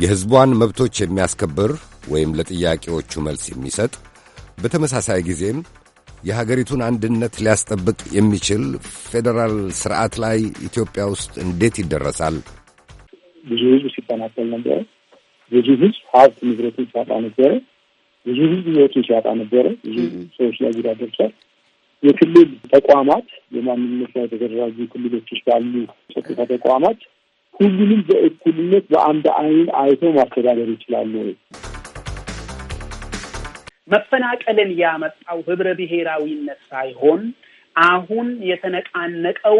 የሕዝቧን መብቶች የሚያስከብር ወይም ለጥያቄዎቹ መልስ የሚሰጥ በተመሳሳይ ጊዜም የሀገሪቱን አንድነት ሊያስጠብቅ የሚችል ፌዴራል ስርዓት ላይ ኢትዮጵያ ውስጥ እንዴት ይደረሳል? ብዙ ህዝብ ሲፈናቀል ነበረ። ብዙ ህዝብ ሀብት ንብረቱን ሲያጣ ነበረ። ብዙ ህዝብ ሕይወቱን ሲያጣ ነበረ። ብዙ ሰዎች ላይ ጉዳት ደርሷል። የክልል ተቋማት የማንነት ላይ የተደራጁ ክልሎች ውስጥ ያሉ ጸጥታ ተቋማት ሁሉንም በእኩልነት በአንድ አይን አይቶ ማስተዳደር ይችላሉ ወይ? መፈናቀልን ያመጣው ህብረ ብሔራዊነት ሳይሆን አሁን የተነቃነቀው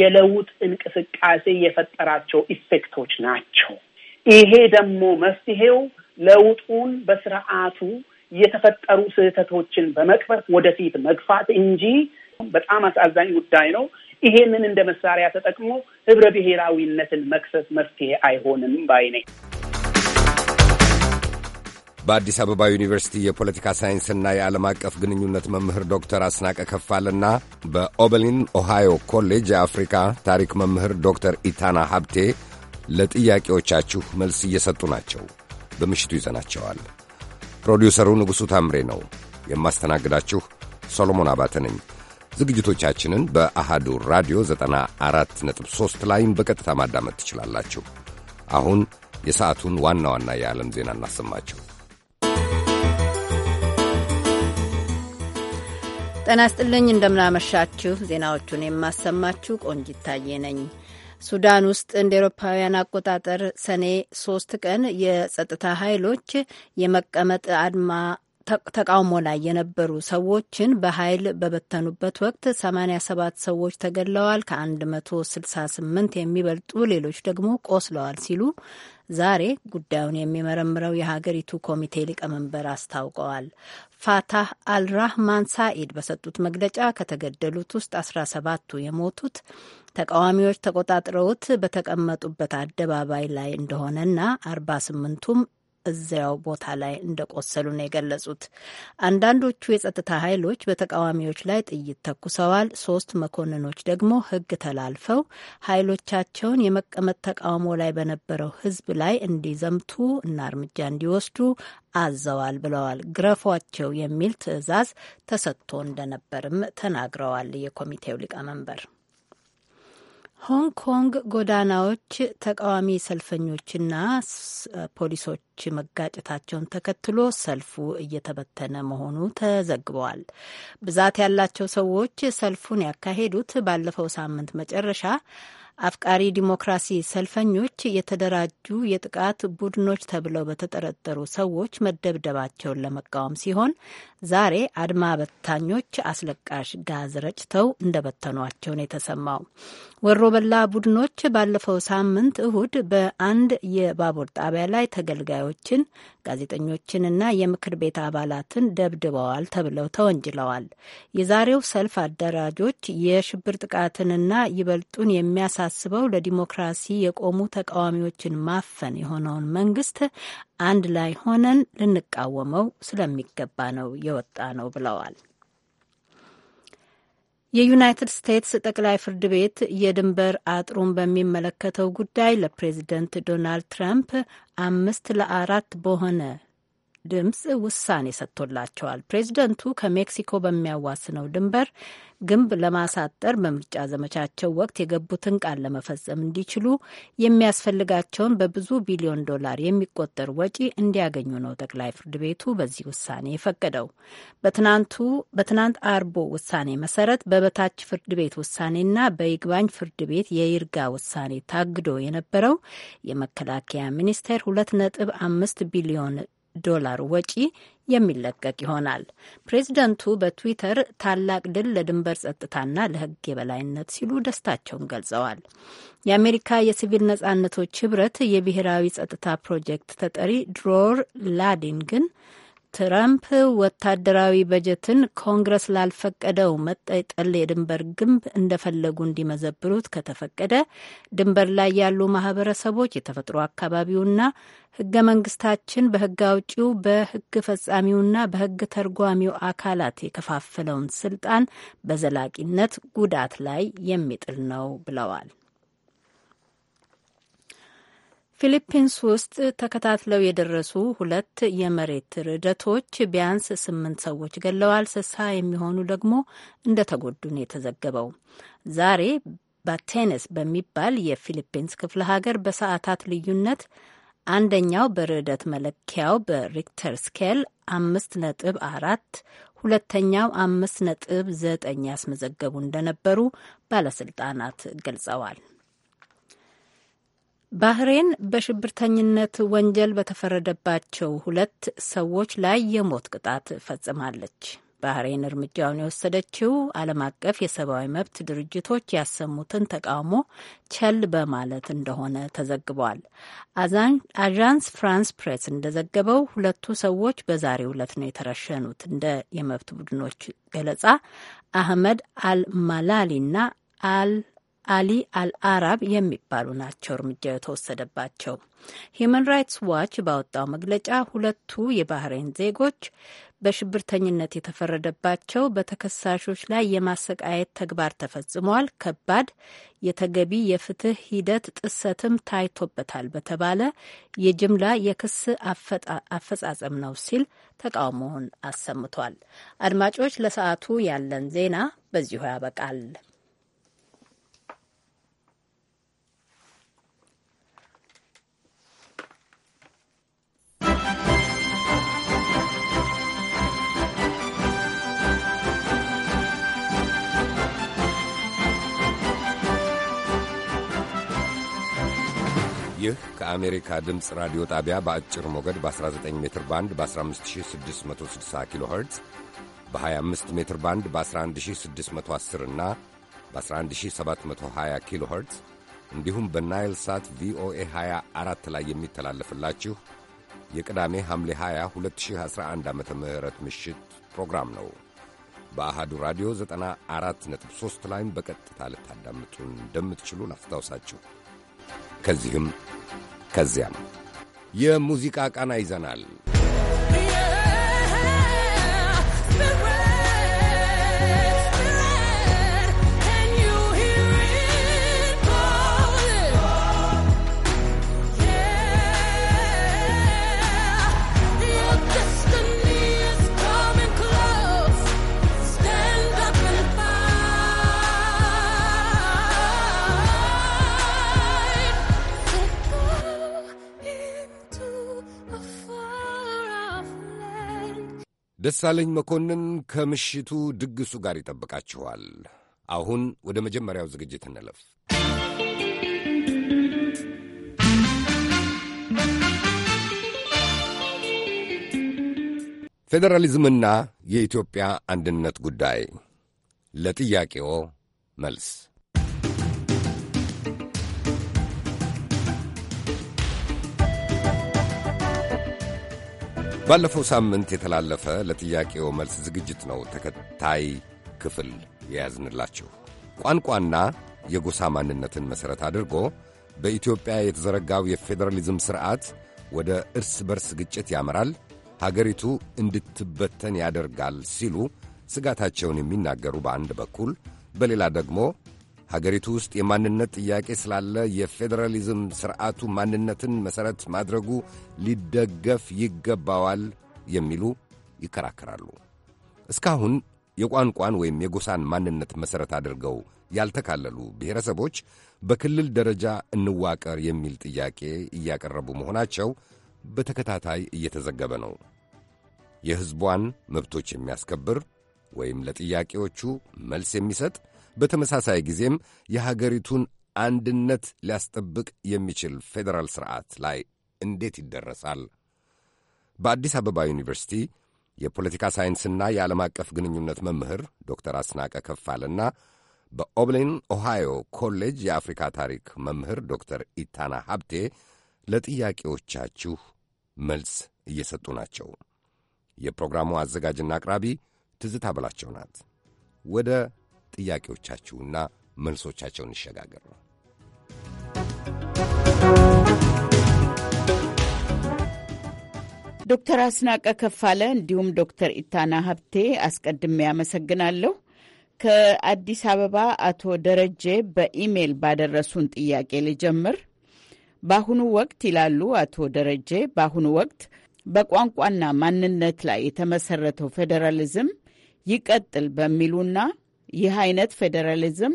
የለውጥ እንቅስቃሴ የፈጠራቸው ኢፌክቶች ናቸው። ይሄ ደግሞ መፍትሄው ለውጡን በስርዓቱ የተፈጠሩ ስህተቶችን በመቅረፍ ወደፊት መግፋት እንጂ በጣም አሳዛኝ ጉዳይ ነው። ይሄንን እንደ መሳሪያ ተጠቅሞ ህብረ ብሔራዊነትን መክሰስ መፍትሄ አይሆንም ባይ ነኝ። በአዲስ አበባ ዩኒቨርሲቲ የፖለቲካ ሳይንስና የዓለም አቀፍ ግንኙነት መምህር ዶክተር አስናቀ ከፋልና በኦበሊን ኦሃዮ ኮሌጅ የአፍሪካ ታሪክ መምህር ዶክተር ኢታና ሀብቴ ለጥያቄዎቻችሁ መልስ እየሰጡ ናቸው። በምሽቱ ይዘናቸዋል። ፕሮዲውሰሩ ንጉሡ ታምሬ ነው። የማስተናግዳችሁ ሰሎሞን አባተ ነኝ። ዝግጅቶቻችንን በአሃዱ ራዲዮ 94.3 ላይም በቀጥታ ማዳመጥ ትችላላችሁ። አሁን የሰዓቱን ዋና ዋና የዓለም ዜና እናሰማችሁ። ጤና ይስጥልኝ፣ እንደምናመሻችሁ። ዜናዎቹን የማሰማችሁ ቆንጂት ታዬ ነኝ። ሱዳን ውስጥ እንደ ኤሮፓውያን አቆጣጠር ሰኔ ሶስት ቀን የጸጥታ ኃይሎች የመቀመጥ አድማ ተቃውሞ ላይ የነበሩ ሰዎችን በኃይል በበተኑበት ወቅት 87 ሰዎች ተገድለዋል፣ ከ168 የሚበልጡ ሌሎች ደግሞ ቆስለዋል ሲሉ ዛሬ ጉዳዩን የሚመረምረው የሀገሪቱ ኮሚቴ ሊቀመንበር አስታውቀዋል። ፋታህ አልራህማን ሳኢድ በሰጡት መግለጫ ከተገደሉት ውስጥ 17ቱ የሞቱት ተቃዋሚዎች ተቆጣጥረውት በተቀመጡበት አደባባይ ላይ እንደሆነና 48ቱም እዚያው ቦታ ላይ እንደቆሰሉ ነው የገለጹት። አንዳንዶቹ የጸጥታ ኃይሎች በተቃዋሚዎች ላይ ጥይት ተኩሰዋል። ሶስት መኮንኖች ደግሞ ሕግ ተላልፈው ኃይሎቻቸውን የመቀመጥ ተቃውሞ ላይ በነበረው ሕዝብ ላይ እንዲዘምቱ እና እርምጃ እንዲወስዱ አዘዋል ብለዋል። ግረፏቸው የሚል ትዕዛዝ ተሰጥቶ እንደነበርም ተናግረዋል የኮሚቴው ሊቀመንበር ሆንግ ኮንግ ጎዳናዎች ተቃዋሚ ሰልፈኞችና ፖሊሶች መጋጨታቸውን ተከትሎ ሰልፉ እየተበተነ መሆኑ ተዘግበዋል። ብዛት ያላቸው ሰዎች ሰልፉን ያካሄዱት ባለፈው ሳምንት መጨረሻ አፍቃሪ ዲሞክራሲ ሰልፈኞች የተደራጁ የጥቃት ቡድኖች ተብለው በተጠረጠሩ ሰዎች መደብደባቸውን ለመቃወም ሲሆን ዛሬ አድማ በታኞች አስለቃሽ ጋዝ ረጭተው እንደበተኗቸው ነው የተሰማው። ወሮበላ ቡድኖች ባለፈው ሳምንት እሁድ በአንድ የባቡር ጣቢያ ላይ ተገልጋዮችን፣ ጋዜጠኞችንና የምክር ቤት አባላትን ደብድበዋል ተብለው ተወንጅለዋል። የዛሬው ሰልፍ አደራጆች የሽብር ጥቃትንና ይበልጡን የሚያሳ የሚያሳስበው ለዲሞክራሲ የቆሙ ተቃዋሚዎችን ማፈን የሆነውን መንግስት አንድ ላይ ሆነን ልንቃወመው ስለሚገባ ነው የወጣ ነው ብለዋል። የዩናይትድ ስቴትስ ጠቅላይ ፍርድ ቤት የድንበር አጥሩን በሚመለከተው ጉዳይ ለፕሬዚደንት ዶናልድ ትራምፕ አምስት ለአራት በሆነ ድምፅ ውሳኔ ሰጥቶላቸዋል። ፕሬዚደንቱ ከሜክሲኮ በሚያዋስነው ድንበር ግንብ ለማሳጠር በምርጫ ዘመቻቸው ወቅት የገቡትን ቃል ለመፈጸም እንዲችሉ የሚያስፈልጋቸውን በብዙ ቢሊዮን ዶላር የሚቆጠር ወጪ እንዲያገኙ ነው ጠቅላይ ፍርድ ቤቱ በዚህ ውሳኔ የፈቀደው። በትናንቱ በትናንት አርቦ ውሳኔ መሰረት በበታች ፍርድ ቤት ውሳኔና በይግባኝ ፍርድ ቤት የይርጋ ውሳኔ ታግዶ የነበረው የመከላከያ ሚኒስቴር ሁለት ነጥብ አምስት ቢሊዮን ዶላር ወጪ የሚለቀቅ ይሆናል። ፕሬዚደንቱ በትዊተር ታላቅ ድል ለድንበር ጸጥታና ለሕግ የበላይነት ሲሉ ደስታቸውን ገልጸዋል። የአሜሪካ የሲቪል ነጻነቶች ህብረት የብሔራዊ ጸጥታ ፕሮጀክት ተጠሪ ድሮር ላዲን ግን ትራምፕ ወታደራዊ በጀትን ኮንግረስ ላልፈቀደው መጠጠል የድንበር ግንብ እንደፈለጉ እንዲመዘብሩት ከተፈቀደ ድንበር ላይ ያሉ ማህበረሰቦች የተፈጥሮ አካባቢውና ህገ መንግስታችን በህግ አውጪው በህግ ፈጻሚውና በህግ ተርጓሚው አካላት የከፋፈለውን ስልጣን በዘላቂነት ጉዳት ላይ የሚጥል ነው ብለዋል። ፊሊፒንስ ውስጥ ተከታትለው የደረሱ ሁለት የመሬት ርዕደቶች ቢያንስ ስምንት ሰዎች ገለዋል። ስልሳ የሚሆኑ ደግሞ እንደተጎዱ ነው የተዘገበው። ዛሬ ባቴነስ በሚባል የፊሊፒንስ ክፍለ ሀገር በሰዓታት ልዩነት አንደኛው በርዕደት መለኪያው በሪክተር ስኬል አምስት ነጥብ አራት ሁለተኛው አምስት ነጥብ ዘጠኝ ያስመዘገቡ እንደነበሩ ባለስልጣናት ገልጸዋል። ባህሬን በሽብርተኝነት ወንጀል በተፈረደባቸው ሁለት ሰዎች ላይ የሞት ቅጣት ፈጽማለች። ባህሬን እርምጃውን የወሰደችው ዓለም አቀፍ የሰብአዊ መብት ድርጅቶች ያሰሙትን ተቃውሞ ቸል በማለት እንደሆነ ተዘግቧል። አዣንስ ፍራንስ ፕሬስ እንደዘገበው ሁለቱ ሰዎች በዛሬው ዕለት ነው የተረሸኑት። እንደ የመብት ቡድኖች ገለጻ አህመድ እና አል አሊ አልአራብ የሚባሉ ናቸው እርምጃው የተወሰደባቸው። ሂዩማን ራይትስ ዋች ባወጣው መግለጫ ሁለቱ የባህሬን ዜጎች በሽብርተኝነት የተፈረደባቸው በተከሳሾች ላይ የማሰቃየት ተግባር ተፈጽሟል፣ ከባድ የተገቢ የፍትህ ሂደት ጥሰትም ታይቶበታል በተባለ የጅምላ የክስ አፈጻጸም ነው ሲል ተቃውሞውን አሰምቷል። አድማጮች፣ ለሰዓቱ ያለን ዜና በዚሁ ያበቃል። ይህ ከአሜሪካ ድምፅ ራዲዮ ጣቢያ በአጭር ሞገድ በ19 ሜትር ባንድ በ15660 ኪሎ ኸርትዝ በ25 ሜትር ባንድ በ11610 እና በ11720 ኪሎ ኸርትዝ እንዲሁም በናይል ሳት ቪኦኤ 24 ላይ የሚተላለፍላችሁ የቅዳሜ ሐምሌ 20 2011 ዓ ምህረት ምሽት ፕሮግራም ነው። በአሃዱ ራዲዮ 94.3 ላይም በቀጥታ ልታዳምጡን እንደምትችሉ ላስታውሳችሁ። ከዚህም ከዚያም የሙዚቃ ቃና ይዘናል። ደሳለኝ መኮንን ከምሽቱ ድግሱ ጋር ይጠብቃችኋል። አሁን ወደ መጀመሪያው ዝግጅት እንለፍ። ፌዴራሊዝምና የኢትዮጵያ አንድነት ጉዳይ ለጥያቄዎ መልስ ባለፈው ሳምንት የተላለፈ ለጥያቄው መልስ ዝግጅት ነው ተከታይ ክፍል የያዝንላችሁ። ቋንቋና የጎሳ ማንነትን መሠረት አድርጎ በኢትዮጵያ የተዘረጋው የፌዴራሊዝም ሥርዓት ወደ እርስ በርስ ግጭት ያመራል፣ ሀገሪቱ እንድትበተን ያደርጋል ሲሉ ስጋታቸውን የሚናገሩ በአንድ በኩል፣ በሌላ ደግሞ ሀገሪቱ ውስጥ የማንነት ጥያቄ ስላለ የፌዴራሊዝም ሥርዓቱ ማንነትን መሠረት ማድረጉ ሊደገፍ ይገባዋል የሚሉ ይከራከራሉ። እስካሁን የቋንቋን ወይም የጎሳን ማንነት መሠረት አድርገው ያልተካለሉ ብሔረሰቦች በክልል ደረጃ እንዋቀር የሚል ጥያቄ እያቀረቡ መሆናቸው በተከታታይ እየተዘገበ ነው። የሕዝቧን መብቶች የሚያስከብር ወይም ለጥያቄዎቹ መልስ የሚሰጥ በተመሳሳይ ጊዜም የሀገሪቱን አንድነት ሊያስጠብቅ የሚችል ፌዴራል ስርዓት ላይ እንዴት ይደረሳል? በአዲስ አበባ ዩኒቨርሲቲ የፖለቲካ ሳይንስና የዓለም አቀፍ ግንኙነት መምህር ዶክተር አስናቀ ከፋልና በኦብሌን ኦሃዮ ኮሌጅ የአፍሪካ ታሪክ መምህር ዶክተር ኢታና ሀብቴ ለጥያቄዎቻችሁ መልስ እየሰጡ ናቸው። የፕሮግራሙ አዘጋጅና አቅራቢ ትዝታ በላቸው ናት። ወደ ጥያቄዎቻችሁና መልሶቻቸውን እንሸጋገር ነው። ዶክተር አስናቀ ከፋለ እንዲሁም ዶክተር ኢታና ሀብቴ አስቀድሜ ያመሰግናለሁ። ከአዲስ አበባ አቶ ደረጀ በኢሜል ባደረሱን ጥያቄ ልጀምር። በአሁኑ ወቅት ይላሉ አቶ ደረጀ፣ በአሁኑ ወቅት በቋንቋና ማንነት ላይ የተመሰረተው ፌዴራሊዝም ይቀጥል በሚሉና ይህ አይነት ፌዴራሊዝም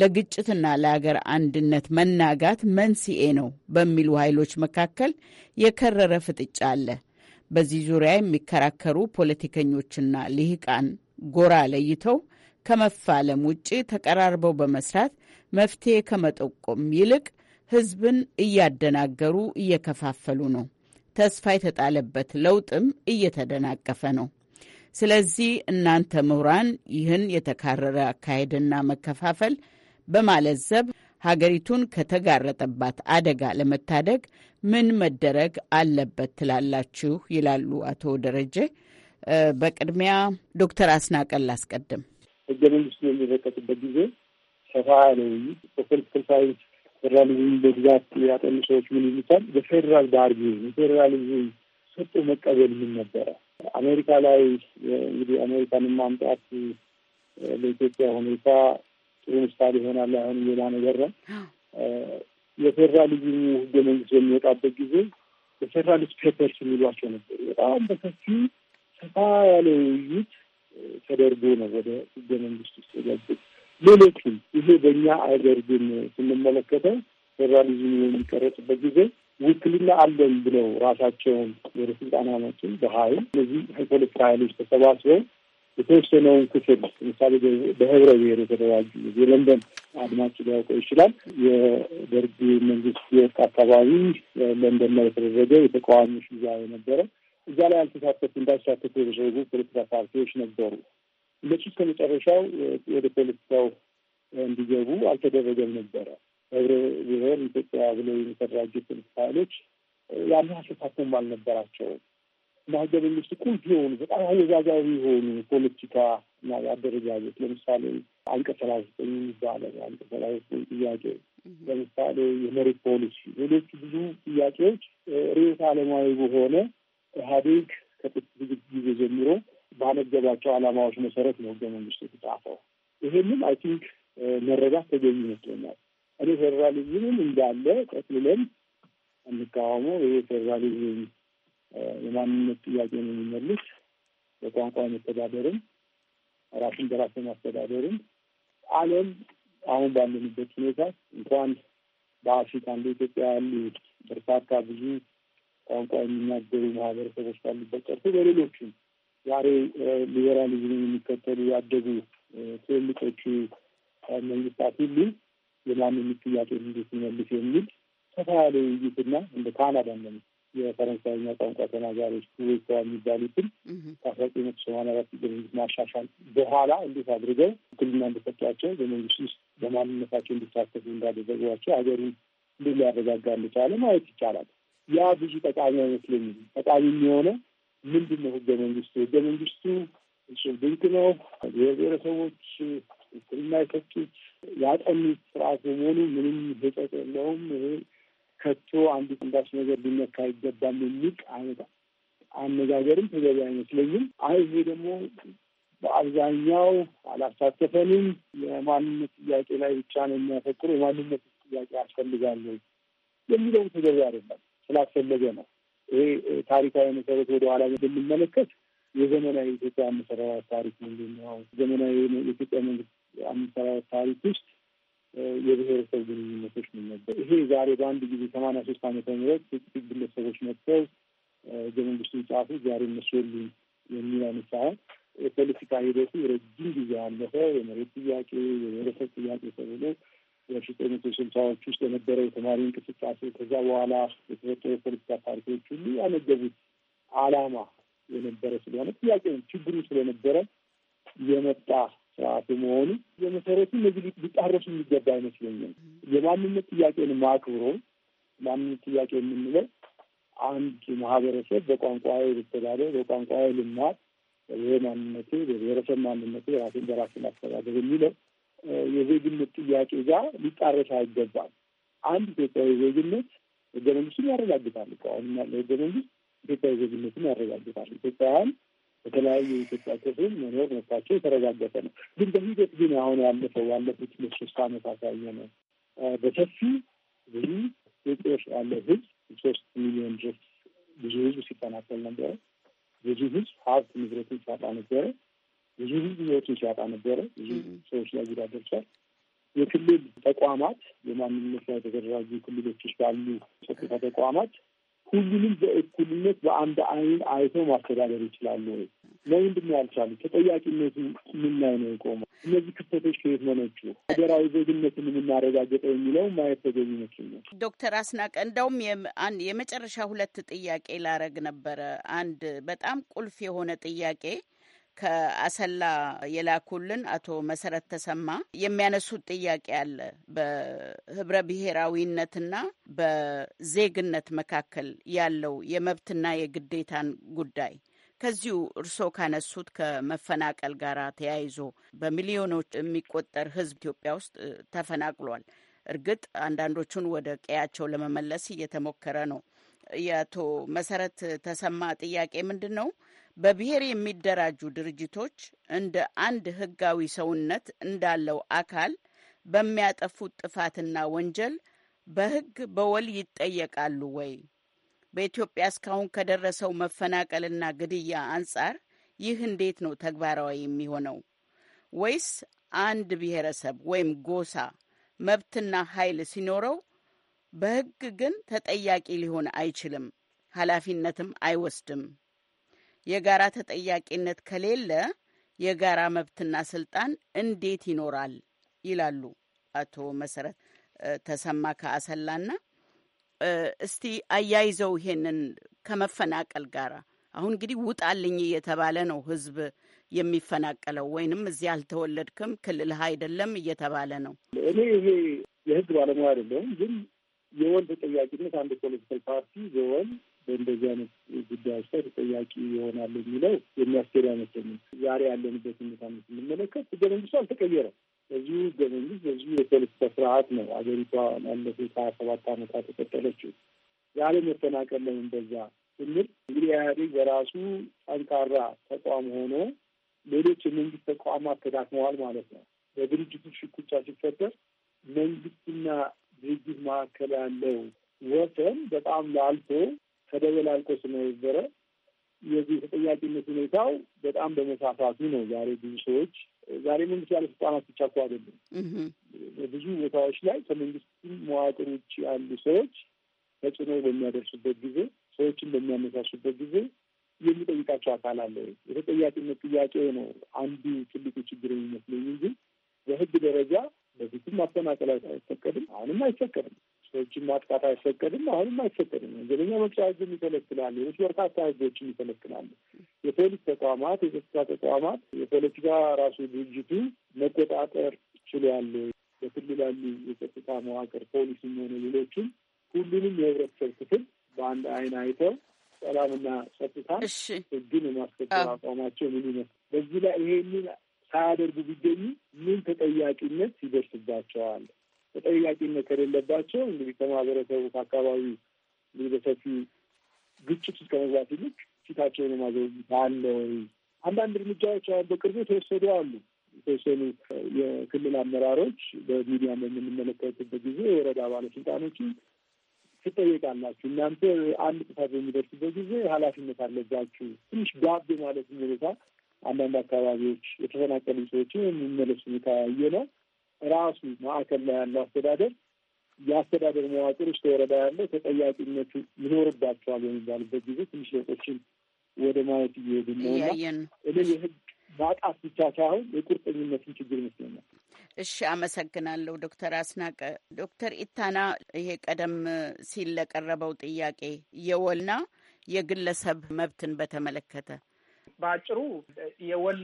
ለግጭትና ለሀገር አንድነት መናጋት መንስኤ ነው በሚሉ ኃይሎች መካከል የከረረ ፍጥጫ አለ። በዚህ ዙሪያ የሚከራከሩ ፖለቲከኞችና ልሂቃን ጎራ ለይተው ከመፋለም ውጪ ተቀራርበው በመስራት መፍትሄ ከመጠቆም ይልቅ ሕዝብን እያደናገሩ እየከፋፈሉ ነው። ተስፋ የተጣለበት ለውጥም እየተደናቀፈ ነው። ስለዚህ እናንተ ምሁራን ይህን የተካረረ አካሄድና መከፋፈል በማለዘብ ሀገሪቱን ከተጋረጠባት አደጋ ለመታደግ ምን መደረግ አለበት ትላላችሁ? ይላሉ አቶ ደረጀ። በቅድሚያ ዶክተር አስናቀል ላስቀድም። ህገ መንግስቱ የሚረቀቅበት ጊዜ ሰፋ ነው። በፖለቲካል ሳይንስ ፌዴራሊዝም በብዛት ያጠኑ ሰዎች ምን ይሉታል? በፌዴራል ባርጌ የፌዴራሊዝም ሰጡ መቀበል ምን ነበረ አሜሪካ ላይ እንግዲህ አሜሪካን ማምጣት በኢትዮጵያ ሁኔታ ጥሩ ምሳሌ ይሆናል አይሆን ሌላ ነገር ነው። የፌዴራሊዝሙ ህገ መንግስት በሚወጣበት ጊዜ የፌዴራሊስት ፔፐርስ የሚሏቸው ነበር። በጣም በሰፊው ሰፋ ያለ ውይይት ተደርጎ ነው ወደ ህገ መንግስት ውስጥ የገቡት። ሌሎቹም ይሄ በእኛ አገር ግን ስንመለከተው ፌዴራሊዝሙ የሚቀረጽበት ጊዜ ውክልና አለን ብለው ራሳቸውን ወደ ስልጣን በሀይል እነዚህ የፖለቲካ ሀይሎች ተሰባስበው የተወሰነውን ክፍል ለምሳሌ በህብረ ብሔር የተደራጁ የለንደን አድማጭ ሊያውቀው ይችላል። የደርግ መንግስት የወርቅ አካባቢ ለንደን ላይ የተደረገ የተቃዋሚዎች ይዛ የነበረ እዛ ላይ ያልተሳተፉ እንዳይሳተፉ የተደረጉ ፖለቲካ ፓርቲዎች ነበሩ። እነሱ እስከ መጨረሻው ወደ ፖለቲካው እንዲገቡ አልተደረገም ነበረ። ህብረ ብሔር ኢትዮጵያ ብለው የሚተደራጁትን ኃይሎች ያን አሸታቶም አልነበራቸውም እና ህገ መንግስት ቁልፍ የሆኑ በጣም አወዛጋቢ የሆኑ ፖለቲካ እና አደረጃጀት ለምሳሌ አንቀጽ ሰላሳ ዘጠኝ የሚባለው አንቀጽ ሰላሳ ዘጠኝ ጥያቄ ለምሳሌ የመሬት ፖሊሲ፣ ሌሎቹ ብዙ ጥያቄዎች ርዕዮተ ዓለማዊ በሆነ ኢህአዴግ ከጥቂት ጊዜ ጀምሮ ባነገባቸው ዓላማዎች መሰረት ነው ህገ መንግስቱ የተጻፈው። ይሄንም አይ ቲንክ መረዳት ተገቢ ይመስለኛል። እኔ ፌዴራሊዝምም እንዳለ ቀጥለን እንቃወመው። ይህ ፌዴራሊዝም የማንነት ጥያቄ ነው የሚመልስ በቋንቋ መተዳደርም ራሱን በራስ ማስተዳደርም ዓለም አሁን ባለንበት ሁኔታ እንኳን በአፍሪካ እንደ ኢትዮጵያ ያሉ በርካታ ብዙ ቋንቋ የሚናገሩ ማህበረሰቦች ባሉበት ቀርቶ በሌሎችም ዛሬ ሊበራሊዝም የሚከተሉ ያደጉ ትልልቆቹ መንግስታት ሁሉ የማንነት ጥያቄ እንዴት ይመልስ የሚል ሰፋ ያለ ውይይትና እንደ ካናዳ እንደም የፈረንሳይኛ ቋንቋ ተናጋሪዎች ኩዌቷ የሚባሉትን ከአስራ ዘጠኝ መቶ ሰማንያ አራት በመንግስት ማሻሻል በኋላ እንዴት አድርገው ውክልና እንደሰጧቸው በመንግስት ውስጥ በማንነታቸው እንዲሳተፉ እንዳደረጓቸው ሀገሩን እንዴት ሊያረጋጋ እንደቻለ ማየት ይቻላል። ያ ብዙ ጠቃሚ አይመስለኝም። ጠቃሚ የሚሆነ ምንድን ነው? ህገ መንግስቱ ህገ መንግስቱ እሱ ድንቅ ነው። የብሔረሰቦች እና የሰጡት ያጠኑት ስርዓት በመሆኑ ምንም ህጠት የለውም። ይሄ ከቶ አንዱ አንዳች ነገር ሊነካ አይገባም የሚል አይነት አነጋገርም ተገቢ አይመስለኝም። አይ ይሄ ደግሞ በአብዛኛው አላሳተፈንም፣ የማንነት ጥያቄ ላይ ብቻ ነው የሚያፈቅሩ፣ የማንነት ጥያቄ ያስፈልጋል የሚለውም ተገቢ አይደለም። ስላስፈለገ ነው። ይሄ ታሪካዊ መሰረት ወደኋላ ብንመለከት የዘመናዊ ኢትዮጵያ መሰረት ታሪክ ምንድን ነው? ዘመናዊ የኢትዮጵያ መንግስት አምስት ታሪክ ውስጥ የብሔረሰብ ግንኙነቶች ምን ነበር? ይሄ ዛሬ በአንድ ጊዜ ሰማንያ ሶስት ዓመተ ምህረት ጥቂት ግለሰቦች መጥተው ህገ መንግስቱን ጻፉ፣ ዛሬ እነሱ የሉም የሚል አይነት የፖለቲካ ሂደቱ ረጅም ጊዜ አለፈ። የመሬት ጥያቄ፣ የብሔረሰብ ጥያቄ ተብሎ በሺ መቶ ስልሳዎች ውስጥ የነበረው የተማሪ እንቅስቃሴ ከዛ በኋላ የተፈጠሩ የፖለቲካ ፓርቲዎች ሁሉ ያነገቡት አላማ የነበረ ስለሆነ ጥያቄ ችግሩ ስለነበረ የመጣ ስርዓት በመሆኑ በመሰረቱ እነዚህ ሊጣረሱ የሚገባ አይመስለኛል። የማንነት ጥያቄን ማክብሮ ማንነት ጥያቄ የምንለው አንድ ማህበረሰብ በቋንቋ ልተዳደር፣ በቋንቋ ልማት በብሔር ማንነቴ፣ በብሔረሰብ ማንነቴ ራሴን በራሴ ማስተዳደር የሚለው የዜግነት ጥያቄ ጋር ሊጣረስ አይገባም። አንድ ኢትዮጵያዊ ዜግነት ህገ መንግስቱን ያረጋግጣል። አሁን ያለው ህገ መንግስት ኢትዮጵያዊ ዜግነትን ያረጋግጣል። ኢትዮጵያውያን በተለያዩ የኢትዮጵያ ክፍል መኖር መብታቸው የተረጋገጠ ነው። ግን በሂደት ግን አሁን ያለፈው ያለፉት ሁለት ሶስት ዓመት አሳየ ነው በሰፊ ብዙ ኢትዮጵያ ያለ ህዝብ ሶስት ሚሊዮን ድረስ ብዙ ህዝብ ሲፈናቀል ነበረ። ብዙ ህዝብ ሀብት ንብረቱን ሲያጣ ነበረ። ብዙ ህዝብ ህይወቱን ሲያጣ ነበረ። ብዙ ሰዎች ላይ ጉዳት ደርሷል። የክልል ተቋማት የማንነት ላይ የተደራጁ ክልሎች ውስጥ ያሉ ጸጥታ ተቋማት ሁሉንም በእኩልነት በአንድ አይን አይቶ ማስተዳደር ይችላሉ ወይ? ለምንድን ነው ያልቻሉ? ተጠያቂነቱ ምን ላይ ነው የቆመው? እነዚህ ክፍተቶች ከየት መነጩ? ሀገራዊ ዜግነትን የምናረጋገጠው የሚለው ማየት ተገቢ ይመስለኛል። ዶክተር አስናቀ እንደውም የመጨረሻ ሁለት ጥያቄ ላረግ ነበረ። አንድ በጣም ቁልፍ የሆነ ጥያቄ ከአሰላ የላኩልን አቶ መሰረት ተሰማ የሚያነሱት ጥያቄ አለ። በህብረ ብሔራዊነትና በዜግነት መካከል ያለው የመብትና የግዴታን ጉዳይ ከዚሁ እርስዎ ካነሱት ከመፈናቀል ጋር ተያይዞ በሚሊዮኖች የሚቆጠር ህዝብ ኢትዮጵያ ውስጥ ተፈናቅሏል። እርግጥ አንዳንዶቹን ወደ ቀያቸው ለመመለስ እየተሞከረ ነው። የአቶ መሰረት ተሰማ ጥያቄ ምንድን ነው? በብሔር የሚደራጁ ድርጅቶች እንደ አንድ ሕጋዊ ሰውነት እንዳለው አካል በሚያጠፉት ጥፋትና ወንጀል በሕግ በወል ይጠየቃሉ ወይ? በኢትዮጵያ እስካሁን ከደረሰው መፈናቀልና ግድያ አንጻር ይህ እንዴት ነው ተግባራዊ የሚሆነው? ወይስ አንድ ብሔረሰብ ወይም ጎሳ መብትና ኃይል ሲኖረው በሕግ ግን ተጠያቂ ሊሆን አይችልም፣ ኃላፊነትም አይወስድም? የጋራ ተጠያቂነት ከሌለ የጋራ መብትና ስልጣን እንዴት ይኖራል? ይላሉ አቶ መሰረት ተሰማ ከአሰላና። እስቲ አያይዘው ይሄንን ከመፈናቀል ጋር አሁን እንግዲህ ውጣልኝ እየተባለ ነው ህዝብ የሚፈናቀለው ወይንም እዚህ አልተወለድክም ክልልህ አይደለም እየተባለ ነው። እኔ ይሄ የህግ ባለሙያ አይደለሁም፣ ግን የወል ተጠያቂነት አንድ ፖለቲካል ፓርቲ የወል በእንደዚህ አይነት ጉዳዮች ላይ ተጠያቂ ይሆናሉ የሚለው የሚያስኬድ አይመስለኝም። ዛሬ ያለንበት ሁኔታ ነው ስንመለከት ህገ መንግስቱ አልተቀየረም። በዚሁ ህገ መንግስት በዚሁ የፖለቲካ ስርዓት ነው አገሪቷ ላለፉት ሀያ ሰባት አመታት ተቀጠለችው። ዛሬ መፈናቀል ለምን በዛ ስንል እንግዲህ ኢህአዴግ በራሱ ጠንካራ ተቋም ሆኖ ሌሎች የመንግስት ተቋማት ተዳክመዋል ማለት ነው። በድርጅቱ ሽኩቻ ሲፈጠር መንግስትና ድርጅት መካከል ያለው ወሰን በጣም ላልቶ ተደበላልቆ ስለነበረ የዚህ ተጠያቂነት ሁኔታው በጣም በመሳፋቱ ነው። ዛሬ ብዙ ሰዎች ዛሬ መንግስት ባለስልጣናት ብቻ እኮ አይደለም፣ በብዙ ቦታዎች ላይ ከመንግስት መዋቅር ውጭ ያሉ ሰዎች ተጽዕኖ በሚያደርሱበት ጊዜ፣ ሰዎችን በሚያነሳሱበት ጊዜ የሚጠይቃቸው አካል አለ። የተጠያቂነት ጥያቄ ነው አንዱ ትልቁ ችግር የሚመስለኝ እንጂ በህግ ደረጃ በፊትም ማፈናቀል አይፈቀድም፣ አሁንም አይፈቀድም። ሰዎችን ማጥቃት አይፈቀድም፣ አሁንም አይፈቀድም። ወንጀለኛ መቅጫ ሕግም ይከለክላል፣ ሌሎች በርካታ ሕጎችም ይከለክላሉ። የፖሊስ ተቋማት፣ የጸጥታ ተቋማት፣ የፖለቲካ ራሱ ድርጅቱ መቆጣጠር ችሏል። በክልል ያሉ የጸጥታ መዋቅር ፖሊስም ሆነ ሌሎችም ሁሉንም የህብረተሰብ ክፍል በአንድ አይን አይተው ሰላምና ጸጥታ ህግን የማስከበር አቋማቸው ምን ይመስል በዚህ ላይ ይሄንን ሳያደርጉ ቢገኙ ምን ተጠያቂነት ይደርስባቸዋል? ተጠያቂነት ከሌለባቸው እንግዲህ ከማህበረሰቡ ከአካባቢ በሰፊ ግጭት ውስጥ ከመግባት ይልቅ ፊታቸውን ማዘዝ አለ ወይ? አንዳንድ እርምጃዎች በቅርቡ የተወሰዱ አሉ። የተወሰኑ የክልል አመራሮች በሚዲያ በምንመለከትበት ጊዜ የወረዳ ባለስልጣኖችን ትጠየቃላችሁ። እናንተ አንድ ጥፋት በሚደርስበት ጊዜ ኃላፊነት አለባችሁ። ትንሽ ጋብ ማለት ሁኔታ አንዳንድ አካባቢዎች የተፈናቀሉ ሰዎችን የሚመለሱ ሁኔታ ያየ ነው። ራሱ ማዕከል ላይ ያለው አስተዳደር የአስተዳደር ውስጥ ወረዳ ያለው ተጠያቂነቱ ይኖርባቸዋል የሚባሉበት ጊዜ ትንሽ ለውጦችን ወደ ማየት እየሄድን ነው እና የህግ ማጣት ብቻ ሳይሆን የቁርጠኝነትን ችግር ይመስለኛል። እሺ፣ አመሰግናለሁ ዶክተር አስናቀ። ዶክተር ኢታና ይሄ ቀደም ሲል ለቀረበው ጥያቄ የወልና የግለሰብ መብትን በተመለከተ በአጭሩ የወል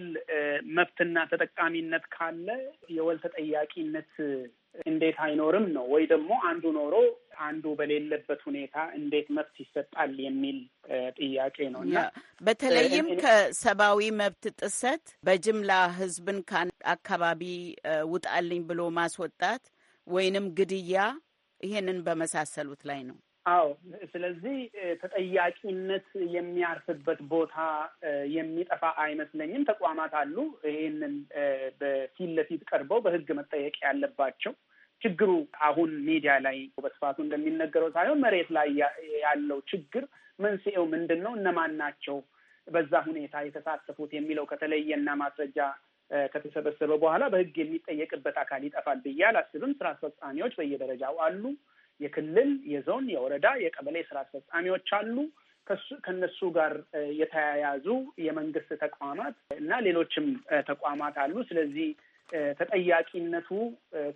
መብትና ተጠቃሚነት ካለ የወል ተጠያቂነት እንዴት አይኖርም ነው ወይ ደግሞ አንዱ ኖሮ አንዱ በሌለበት ሁኔታ እንዴት መብት ይሰጣል የሚል ጥያቄ ነው እና በተለይም ከሰብአዊ መብት ጥሰት በጅምላ ህዝብን ከአንድ አካባቢ ውጣልኝ ብሎ ማስወጣት ወይንም ግድያ ይሄንን በመሳሰሉት ላይ ነው። አዎ። ስለዚህ ተጠያቂነት የሚያርፍበት ቦታ የሚጠፋ አይመስለኝም። ተቋማት አሉ ይህንን በፊት ለፊት ቀርበው በህግ መጠየቅ ያለባቸው። ችግሩ አሁን ሚዲያ ላይ በስፋቱ እንደሚነገረው ሳይሆን መሬት ላይ ያለው ችግር መንስኤው ምንድን ነው? እነማን ናቸው በዛ ሁኔታ የተሳተፉት የሚለው ከተለየ ና ማስረጃ ከተሰበሰበ በኋላ በህግ የሚጠየቅበት አካል ይጠፋል ብዬ አላስብም። ስራ አስፈጻሚዎች በየደረጃው አሉ። የክልል፣ የዞን፣ የወረዳ፣ የቀበሌ ስራ አስፈጻሚዎች አሉ። ከነሱ ጋር የተያያዙ የመንግስት ተቋማት እና ሌሎችም ተቋማት አሉ። ስለዚህ ተጠያቂነቱ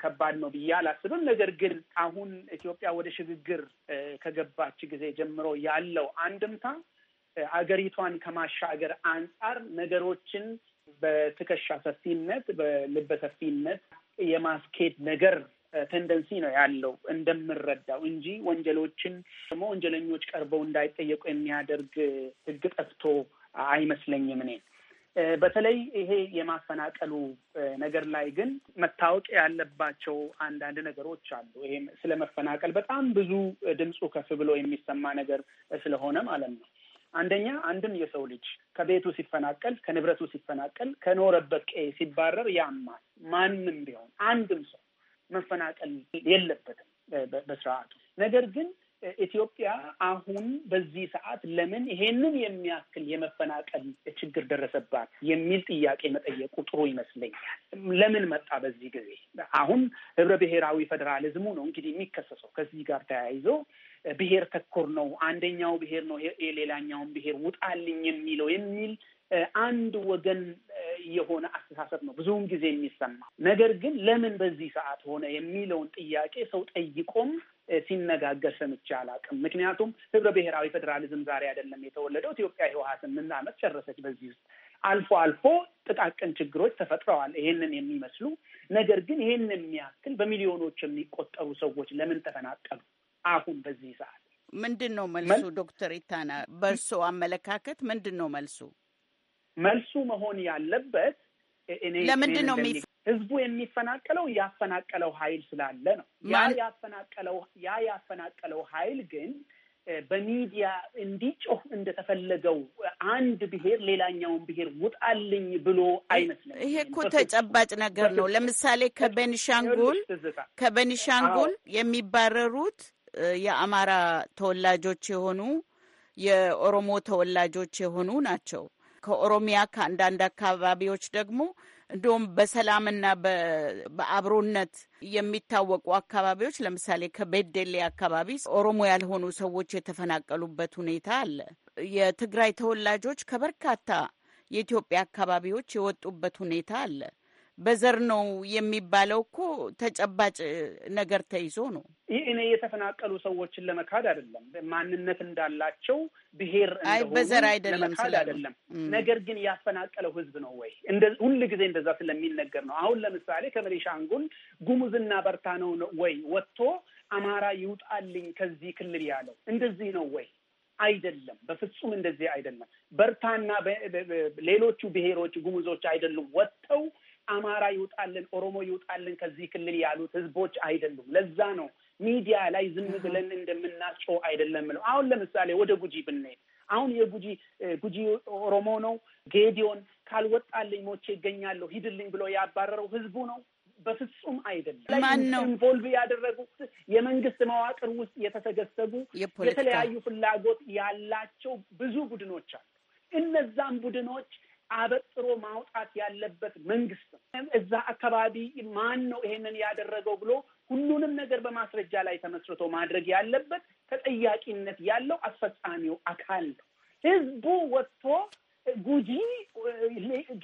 ከባድ ነው ብዬ አላስብም። ነገር ግን አሁን ኢትዮጵያ ወደ ሽግግር ከገባች ጊዜ ጀምሮ ያለው አንድምታ አገሪቷን ከማሻገር አንጻር ነገሮችን በትከሻ ሰፊነት፣ በልበ ሰፊነት የማስኬድ ነገር ቴንደንሲ ነው ያለው እንደምረዳው እንጂ ወንጀሎችን ደግሞ ወንጀለኞች ቀርበው እንዳይጠየቁ የሚያደርግ ህግ ጠፍቶ አይመስለኝም እኔ በተለይ ይሄ የማፈናቀሉ ነገር ላይ ግን መታወቅ ያለባቸው አንዳንድ ነገሮች አሉ። ይሄም ስለ መፈናቀል በጣም ብዙ ድምፁ ከፍ ብሎ የሚሰማ ነገር ስለሆነ ማለት ነው። አንደኛ አንድም የሰው ልጅ ከቤቱ ሲፈናቀል፣ ከንብረቱ ሲፈናቀል፣ ከኖረበት ቀዬ ሲባረር ያማል። ማንም ቢሆን አንድም ሰው መፈናቀል የለበትም በስርዓቱ። ነገር ግን ኢትዮጵያ አሁን በዚህ ሰዓት ለምን ይሄንን የሚያክል የመፈናቀል ችግር ደረሰባት የሚል ጥያቄ መጠየቁ ጥሩ ይመስለኛል። ለምን መጣ በዚህ ጊዜ? አሁን ህብረ ብሔራዊ ፌዴራሊዝሙ ነው እንግዲህ የሚከሰሰው ከዚህ ጋር ተያይዞ ብሔር ተኮር ነው፣ አንደኛው ብሔር ነው የሌላኛውን ብሔር ውጣልኝ የሚለው የሚል አንድ ወገን የሆነ አስተሳሰብ ነው ብዙውን ጊዜ የሚሰማው። ነገር ግን ለምን በዚህ ሰዓት ሆነ የሚለውን ጥያቄ ሰው ጠይቆም ሲነጋገር ሰምቼ አላውቅም። ምክንያቱም ህብረ ብሔራዊ ፌዴራሊዝም ዛሬ አይደለም የተወለደው። ኢትዮጵያ ህወሀት ስምንት ዓመት ጨረሰች። በዚህ ውስጥ አልፎ አልፎ ጥቃቅን ችግሮች ተፈጥረዋል፣ ይሄንን የሚመስሉ ነገር ግን ይሄንን የሚያክል በሚሊዮኖች የሚቆጠሩ ሰዎች ለምን ተፈናቀሉ አሁን በዚህ ሰዓት ምንድን ነው መልሱ? ዶክተር ኢታና በእርስዎ አመለካከት ምንድን ነው መልሱ? መልሱ መሆን ያለበት እኔ ለምንድን ነው ህዝቡ የሚፈናቀለው? ያፈናቀለው ኃይል ስላለ ነው። ያ ያፈናቀለው ያ ያፈናቀለው ኃይል ግን በሚዲያ እንዲጮህ እንደተፈለገው አንድ ብሄር ሌላኛውን ብሄር ውጣልኝ ብሎ አይመስለኝም። ይሄ እኮ ተጨባጭ ነገር ነው። ለምሳሌ ከበኒሻንጉል ከበኒሻንጉል የሚባረሩት የአማራ ተወላጆች የሆኑ የኦሮሞ ተወላጆች የሆኑ ናቸው። ከኦሮሚያ ከአንዳንድ አካባቢዎች ደግሞ እንዲሁም በሰላምና በአብሮነት የሚታወቁ አካባቢዎች ለምሳሌ ከቤደሌ አካባቢ ኦሮሞ ያልሆኑ ሰዎች የተፈናቀሉበት ሁኔታ አለ። የትግራይ ተወላጆች ከበርካታ የኢትዮጵያ አካባቢዎች የወጡበት ሁኔታ አለ። በዘር ነው የሚባለው እኮ ተጨባጭ ነገር ተይዞ ነው። ይህ እኔ የተፈናቀሉ ሰዎችን ለመካድ አይደለም፣ ማንነት እንዳላቸው ብሔር በዘር አይደለም አይደለም። ነገር ግን ያፈናቀለው ህዝብ ነው ወይ ሁል ጊዜ እንደዛ ስለሚነገር ነው። አሁን ለምሳሌ ከቤኒሻንጉል ጉሙዝና በርታ ነው ወይ ወጥቶ አማራ ይውጣልኝ ከዚህ ክልል ያለው እንደዚህ ነው ወይ? አይደለም፣ በፍጹም እንደዚህ አይደለም። በርታና ሌሎቹ ብሔሮች ጉሙዞች አይደሉም ወጥተው አማራ ይውጣልን፣ ኦሮሞ ይውጣልን ከዚህ ክልል ያሉት ህዝቦች አይደሉም። ለዛ ነው ሚዲያ ላይ ዝም ብለን እንደምናጮ አይደለም ብለው አሁን ለምሳሌ ወደ ጉጂ ብንሄድ አሁን የጉጂ ጉጂ ኦሮሞ ነው። ጌዲዮን ካልወጣልኝ ሞቼ ይገኛለሁ ሂድልኝ ብሎ ያባረረው ህዝቡ ነው። በፍጹም አይደለም። ማን ነው ኢንቮልቭ ያደረጉት? የመንግስት መዋቅር ውስጥ የተሰገሰጉ የተለያዩ ፍላጎት ያላቸው ብዙ ቡድኖች አሉ። እነዛም ቡድኖች አበጥሮ ማውጣት ያለበት መንግስት ነው። እዛ አካባቢ ማን ነው ይሄንን ያደረገው ብሎ ሁሉንም ነገር በማስረጃ ላይ ተመስርቶ ማድረግ ያለበት ተጠያቂነት ያለው አስፈጻሚው አካል ነው። ህዝቡ ወጥቶ ጉጂ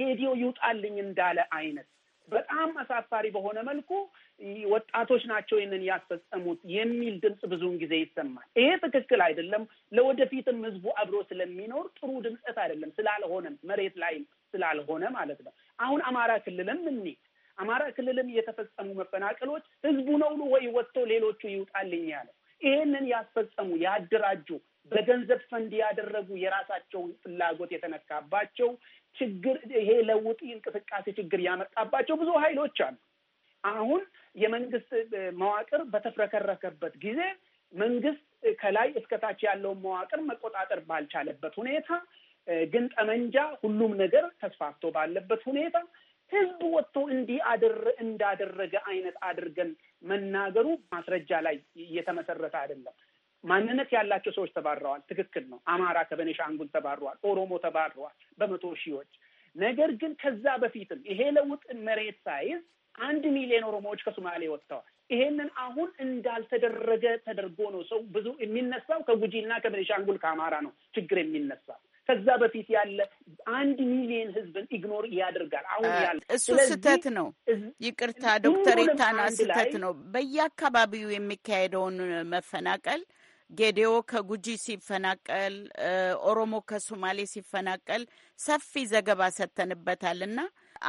ጌዲዮ ይውጣልኝ እንዳለ አይነት በጣም አሳፋሪ በሆነ መልኩ ወጣቶች ናቸው ይህንን ያስፈጸሙት የሚል ድምፅ ብዙውን ጊዜ ይሰማል። ይሄ ትክክል አይደለም። ለወደፊትም ህዝቡ አብሮ ስለሚኖር ጥሩ ድምፀት አይደለም ስላልሆነም መሬት ላይም ስላልሆነ ማለት ነው። አሁን አማራ ክልልም እኔ አማራ ክልልም የተፈጸሙ መፈናቀሎች ህዝቡ ነው ወይ ወጥቶ ሌሎቹ ይውጣልኝ ያለው ይሄንን ያስፈጸሙ ያደራጁ በገንዘብ ፈንድ ያደረጉ የራሳቸውን ፍላጎት የተነካባቸው ችግር ይሄ ለውጥ እንቅስቃሴ ችግር ያመጣባቸው ብዙ ኃይሎች አሉ። አሁን የመንግስት መዋቅር በተፍረከረከበት ጊዜ መንግስት ከላይ እስከታች ያለውን መዋቅር መቆጣጠር ባልቻለበት ሁኔታ ግን ጠመንጃ ሁሉም ነገር ተስፋፍቶ ባለበት ሁኔታ ህዝብ ወጥቶ እንዲህ እንዳደረገ አይነት አድርገን መናገሩ ማስረጃ ላይ እየተመሰረተ አይደለም። ማንነት ያላቸው ሰዎች ተባረዋል። ትክክል ነው። አማራ ከበኔሻንጉል ተባረዋል። ኦሮሞ ተባረዋል በመቶ ሺዎች። ነገር ግን ከዛ በፊትም ይሄ ለውጥ መሬት ሳይዝ አንድ ሚሊዮን ኦሮሞዎች ከሶማሌ ወጥተዋል። ይሄንን አሁን እንዳልተደረገ ተደርጎ ነው ሰው ብዙ የሚነሳው ከጉጂና ከቤኒሻንጉል ከአማራ ነው ችግር የሚነሳው። ከዛ በፊት ያለ አንድ ሚሊዮን ህዝብን ኢግኖር ያደርጋል። አሁን ያለ እሱ ስህተት ነው። ይቅርታ ዶክተር ኢታና ስህተት ነው። በየአካባቢው የሚካሄደውን መፈናቀል ጌዴዎ ከጉጂ ሲፈናቀል፣ ኦሮሞ ከሶማሌ ሲፈናቀል ሰፊ ዘገባ ሰጥተንበታል እና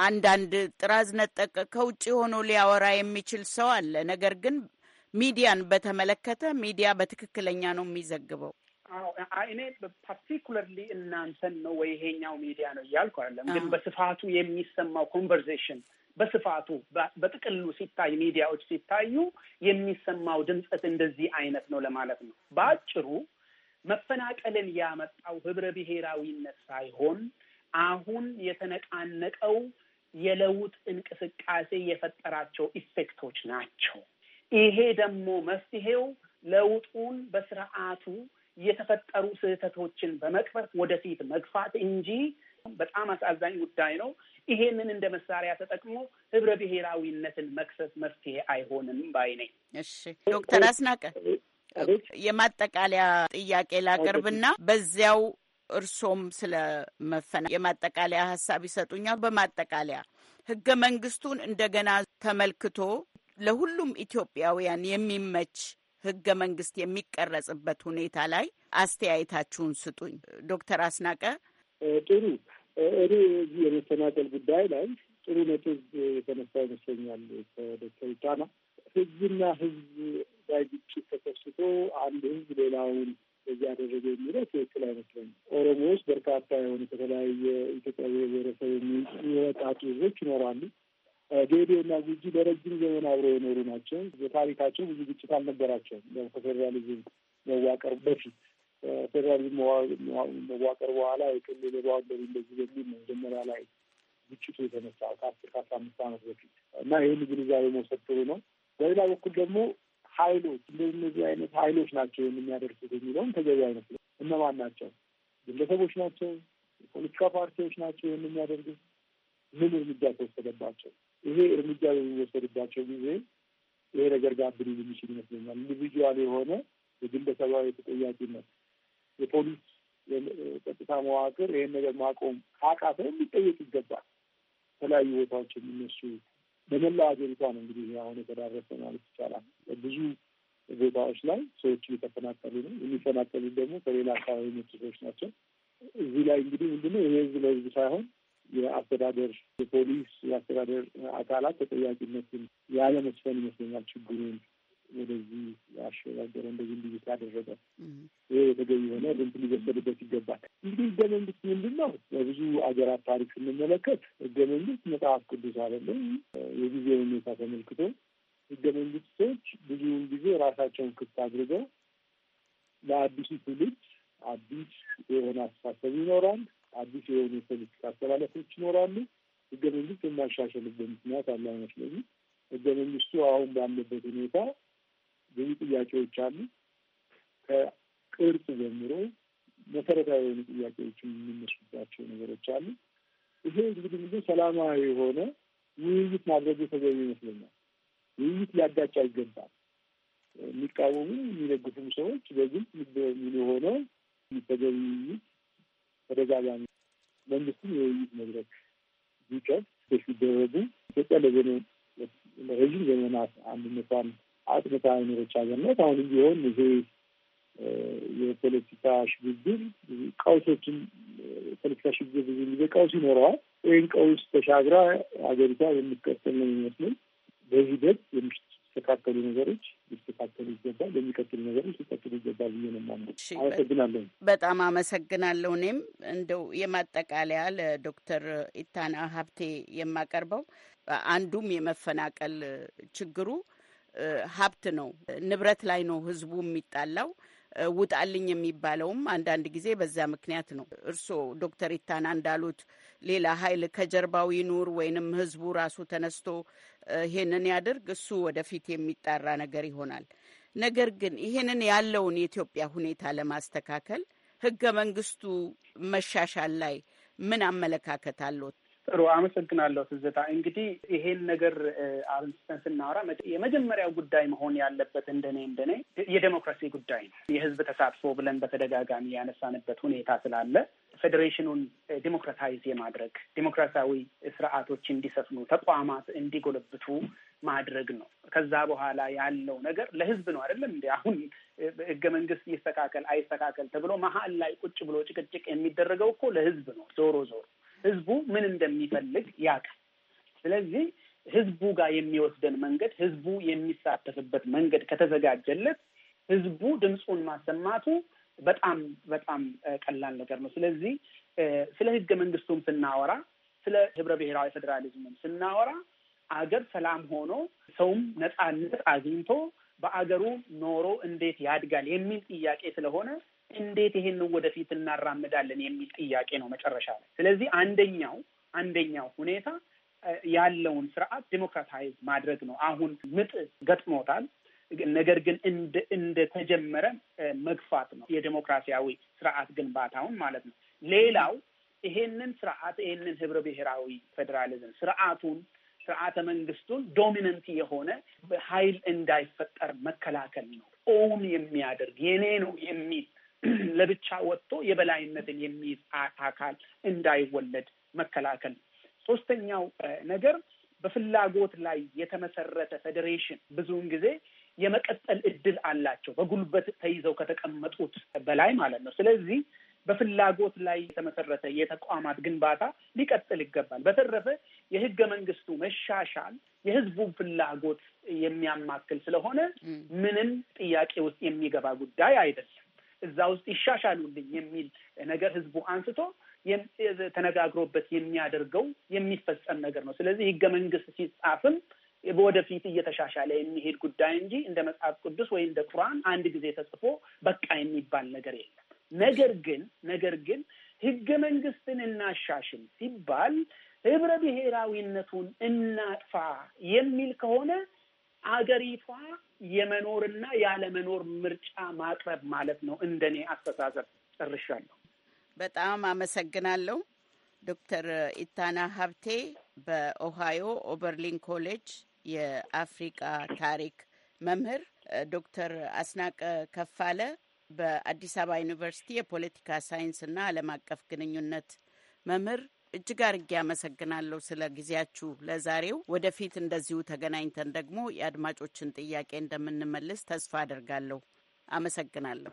አንዳንድ ጥራዝ ነጠቀ ከውጭ ሆኖ ሊያወራ የሚችል ሰው አለ። ነገር ግን ሚዲያን በተመለከተ ሚዲያ በትክክለኛ ነው የሚዘግበው። እኔ ፓርቲኩለርሊ እናንተን ነው ወይ ይሄኛው ሚዲያ ነው እያልኩ አይደለም፣ ግን በስፋቱ የሚሰማው ኮንቨርሴሽን በስፋቱ በጥቅሉ ሲታይ ሚዲያዎች ሲታዩ የሚሰማው ድምፀት እንደዚህ አይነት ነው ለማለት ነው። በአጭሩ መፈናቀልን ያመጣው ህብረ ብሔራዊነት ሳይሆን አሁን የተነቃነቀው የለውጥ እንቅስቃሴ የፈጠራቸው ኢፌክቶች ናቸው። ይሄ ደግሞ መፍትሄው ለውጡን በስርዓቱ የተፈጠሩ ስህተቶችን በመቅረፍ ወደፊት መግፋት እንጂ በጣም አሳዛኝ ጉዳይ ነው። ይሄንን እንደ መሳሪያ ተጠቅሞ ህብረ ብሔራዊነትን መክሰስ መፍትሄ አይሆንም ባይ ነኝ። እሺ ዶክተር አስናቀ የማጠቃለያ ጥያቄ ላቅርብና በዚያው እርሶም ስለ መፈና የማጠቃለያ ሀሳብ ይሰጡኛል። በማጠቃለያ ህገ መንግስቱን እንደገና ተመልክቶ ለሁሉም ኢትዮጵያውያን የሚመች ህገ መንግስት የሚቀረጽበት ሁኔታ ላይ አስተያየታችሁን ስጡኝ። ዶክተር አስናቀ ጥሩ። እኔ እዚህ የመሰናቀል ጉዳይ ላይ ጥሩ ነጥብ የተነሳ ይመስለኛል ከዶክተር ጫማ ህዝብና ህዝብ ላይ ግጭት ተከስቶ አንድ ህዝብ ሌላውን በዚህ ያደረገ የሚለው ትክክል አይመስለኝ። ኦሮሞ ውስጥ በርካታ የሆኑ ከተለያየ ኢትዮጵያ ብሔረሰብ የሚወጣ ህዝቦች ይኖራሉ። እና ጉጂ ለረጅም ዘመን አብረው የኖሩ ናቸው። በታሪካቸው ብዙ ግጭት አልነበራቸውም። ከፌዴራሊዝም መዋቀር በፊት ፌዴራሊዝም መዋቀር በኋላ የክልል ባውንደሪ እንደዚህ በሚል መጀመሪያ ላይ ግጭቱ የተነሳ ከአስር ከአስራ አምስት ዓመት በፊት እና ይህን ግንዛቤ መውሰድ ጥሩ ነው። በሌላ በኩል ደግሞ ኃይሎች እንደዚህ አይነት ኃይሎች ናቸው የሚያደርሱት የሚለውም ተገቢ አይነት ነው። እነማን ናቸው? ግለሰቦች ናቸው? የፖለቲካ ፓርቲዎች ናቸው የሚያደርጉት? ምን እርምጃ ተወሰደባቸው? ይሄ እርምጃ በሚወሰድባቸው ጊዜ ይሄ ነገር ጋር ብሪ የሚችል ይመስለኛል። ኢንዲቪጁዋል የሆነ የግለሰባዊ ተጠያቂነት የፖሊስ ጸጥታ መዋቅር ይህን ነገር ማቆም ካቃተ የሚጠየቅ ይገባል። የተለያዩ ቦታዎች የሚነሱ በመላ ሀገሪቷ ነው እንግዲህ አሁን የተዳረሰ ማለት ይቻላል። ብዙ ቦታዎች ላይ ሰዎች እየተፈናቀሉ ነው። የሚፈናቀሉ ደግሞ ከሌላ አካባቢ መጡ ሰዎች ናቸው። እዚህ ላይ እንግዲህ ምንድነው የህዝብ ለህዝብ ሳይሆን የአስተዳደር የፖሊስ የአስተዳደር አካላት ተጠያቂነትን ያለመስፈን ይመስለኛል ችግሩን ወደዚህ ያሸጋገረ እንደዚህ እንዲህ ያደረገ ይሄ የተገኝ የሆነ ልምት ሊወሰድበት ይገባል። እንግዲህ ህገ መንግስት ምንድን ነው? በብዙ ሀገራት ታሪክ ስንመለከት ህገ መንግስት መጽሐፍ ቅዱስ አይደለም። የጊዜ ሁኔታ ተመልክቶ ህገ መንግስቶች ብዙውን ጊዜ ራሳቸውን ክፍት አድርገው ለአዲሱ ትውልድ አዲስ የሆነ አስተሳሰብ ይኖራል። አዲስ የሆኑ የፖለቲካ አስተላለፎች ይኖራሉ። ህገ መንግስት የማሻሸልበት ምክንያት አለ አይመስለኝም። ህገ መንግስቱ አሁን ባለበት ሁኔታ ብዙ ጥያቄዎች አሉ። ከቅርጽ ጀምሮ መሰረታዊ የሆኑ ጥያቄዎች የሚነሱባቸው ነገሮች አሉ። ይሄ እንግዲህ ምንድን ሰላማዊ የሆነ ውይይት ማድረጉ ተገቢ ይመስለኛል። ውይይት ሊያጋጭ አይገባም። የሚቃወሙ የሚደግፉም ሰዎች በግልጽ ሆነው ተገቢ ውይይት ተደጋጋሚ መንግስትም የውይይት መድረክ ቢቀር ሲደረጉ ኢትዮጵያ ለዘመ ለረዥም ዘመናት አንድነቷን አጥንታ የኖረች ሀገር ናት። አሁን ቢሆን ይሄ የፖለቲካ ሽግግር ቀውሶችን የፖለቲካ ሽግግር ብዙ ጊዜ ቀውስ ይኖረዋል። ይህን ቀውስ ተሻግራ ሀገሪቷ የምትቀጥል ነው የሚመስለኝ በሂደት የምሽት የተስተካከሉ ነገሮች ሊስተካከሉ ይገባል፣ የሚቀጥሉ ነገሮች ሊቀጥሉ ይገባል ብዬ ነው የማምነው። አመሰግናለሁ። በጣም አመሰግናለሁ። እኔም እንደው የማጠቃለያ ለዶክተር ኢታና ሀብቴ የማቀርበው አንዱም የመፈናቀል ችግሩ ሀብት ነው፣ ንብረት ላይ ነው ህዝቡ የሚጣላው ውጣልኝ የሚባለውም አንዳንድ ጊዜ በዛ ምክንያት ነው። እርስዎ ዶክተር ኢታና እንዳሉት ሌላ ኃይል ከጀርባው ይኑር ወይንም ህዝቡ ራሱ ተነስቶ ይሄንን ያድርግ፣ እሱ ወደፊት የሚጣራ ነገር ይሆናል። ነገር ግን ይሄንን ያለውን የኢትዮጵያ ሁኔታ ለማስተካከል ህገ መንግስቱ መሻሻል ላይ ምን አመለካከት አለዎት? ጥሩ አመሰግናለሁ ትዝታ። እንግዲህ ይሄን ነገር አንስተን ስናወራ የመጀመሪያው ጉዳይ መሆን ያለበት እንደኔ እንደኔ የዴሞክራሲ ጉዳይ ነው። የህዝብ ተሳትፎ ብለን በተደጋጋሚ ያነሳንበት ሁኔታ ስላለ ፌዴሬሽኑን ዴሞክራታይዝ የማድረግ ዴሞክራሲያዊ ስርዓቶች እንዲሰፍኑ፣ ተቋማት እንዲጎለብቱ ማድረግ ነው። ከዛ በኋላ ያለው ነገር ለህዝብ ነው አይደለም እንዲ አሁን ህገ መንግስት ይስተካከል አይስተካከል ተብሎ መሀል ላይ ቁጭ ብሎ ጭቅጭቅ የሚደረገው እኮ ለህዝብ ነው ዞሮ ዞሮ ህዝቡ ምን እንደሚፈልግ ያውቃል። ስለዚህ ህዝቡ ጋር የሚወስደን መንገድ ህዝቡ የሚሳተፍበት መንገድ ከተዘጋጀለት ህዝቡ ድምፁን ማሰማቱ በጣም በጣም ቀላል ነገር ነው። ስለዚህ ስለ ህገ መንግስቱም ስናወራ ስለ ህብረ ብሔራዊ ፌዴራሊዝምም ስናወራ አገር ሰላም ሆኖ ሰውም ነጻነት አግኝቶ በአገሩ ኖሮ እንዴት ያድጋል የሚል ጥያቄ ስለሆነ እንዴት ይሄንን ወደፊት እናራምዳለን የሚል ጥያቄ ነው መጨረሻ ላይ። ስለዚህ አንደኛው አንደኛው ሁኔታ ያለውን ስርዓት ዲሞክራታይዝ ማድረግ ነው። አሁን ምጥ ገጥሞታል። ነገር ግን እንደ ተጀመረ መግፋት ነው የዴሞክራሲያዊ ስርዓት ግንባታውን ማለት ነው። ሌላው ይሄንን ስርዓት ይሄንን ህብረ ብሔራዊ ፌዴራሊዝም ስርዓቱን ስርዓተ መንግስቱን ዶሚነንት የሆነ ኃይል እንዳይፈጠር መከላከል ነው። ኦውን የሚያደርግ የኔ ነው የሚል ለብቻ ወጥቶ የበላይነትን የሚይዝ አካል እንዳይወለድ መከላከል። ሶስተኛው ነገር በፍላጎት ላይ የተመሰረተ ፌዴሬሽን ብዙውን ጊዜ የመቀጠል እድል አላቸው፣ በጉልበት ተይዘው ከተቀመጡት በላይ ማለት ነው። ስለዚህ በፍላጎት ላይ የተመሰረተ የተቋማት ግንባታ ሊቀጥል ይገባል። በተረፈ የህገ መንግስቱ መሻሻል የህዝቡን ፍላጎት የሚያማክል ስለሆነ ምንም ጥያቄ ውስጥ የሚገባ ጉዳይ አይደለም። እዛ ውስጥ ይሻሻሉልኝ የሚል ነገር ህዝቡ አንስቶ ተነጋግሮበት የሚያደርገው የሚፈጸም ነገር ነው። ስለዚህ ህገ መንግስት ሲጻፍም ወደፊት እየተሻሻለ የሚሄድ ጉዳይ እንጂ እንደ መጽሐፍ ቅዱስ ወይም እንደ ቁርአን አንድ ጊዜ ተጽፎ በቃ የሚባል ነገር የለም። ነገር ግን ነገር ግን ህገ መንግስትን እናሻሽል ሲባል ህብረ ብሔራዊነቱን እናጥፋ የሚል ከሆነ አገሪቷ የመኖርና ያለመኖር ምርጫ ማቅረብ ማለት ነው። እንደኔ አስተሳሰብ ጨርሻለሁ። በጣም አመሰግናለሁ ዶክተር ኢታና ሀብቴ በኦሃዮ ኦበርሊን ኮሌጅ የአፍሪቃ ታሪክ መምህር፣ ዶክተር አስናቀ ከፋለ በአዲስ አበባ ዩኒቨርሲቲ የፖለቲካ ሳይንስና ዓለም አቀፍ ግንኙነት መምህር እጅግ አርጌ አመሰግናለሁ ስለ ጊዜያችሁ ለዛሬው። ወደፊት እንደዚሁ ተገናኝተን ደግሞ የአድማጮችን ጥያቄ እንደምንመልስ ተስፋ አድርጋለሁ። አመሰግናለሁ።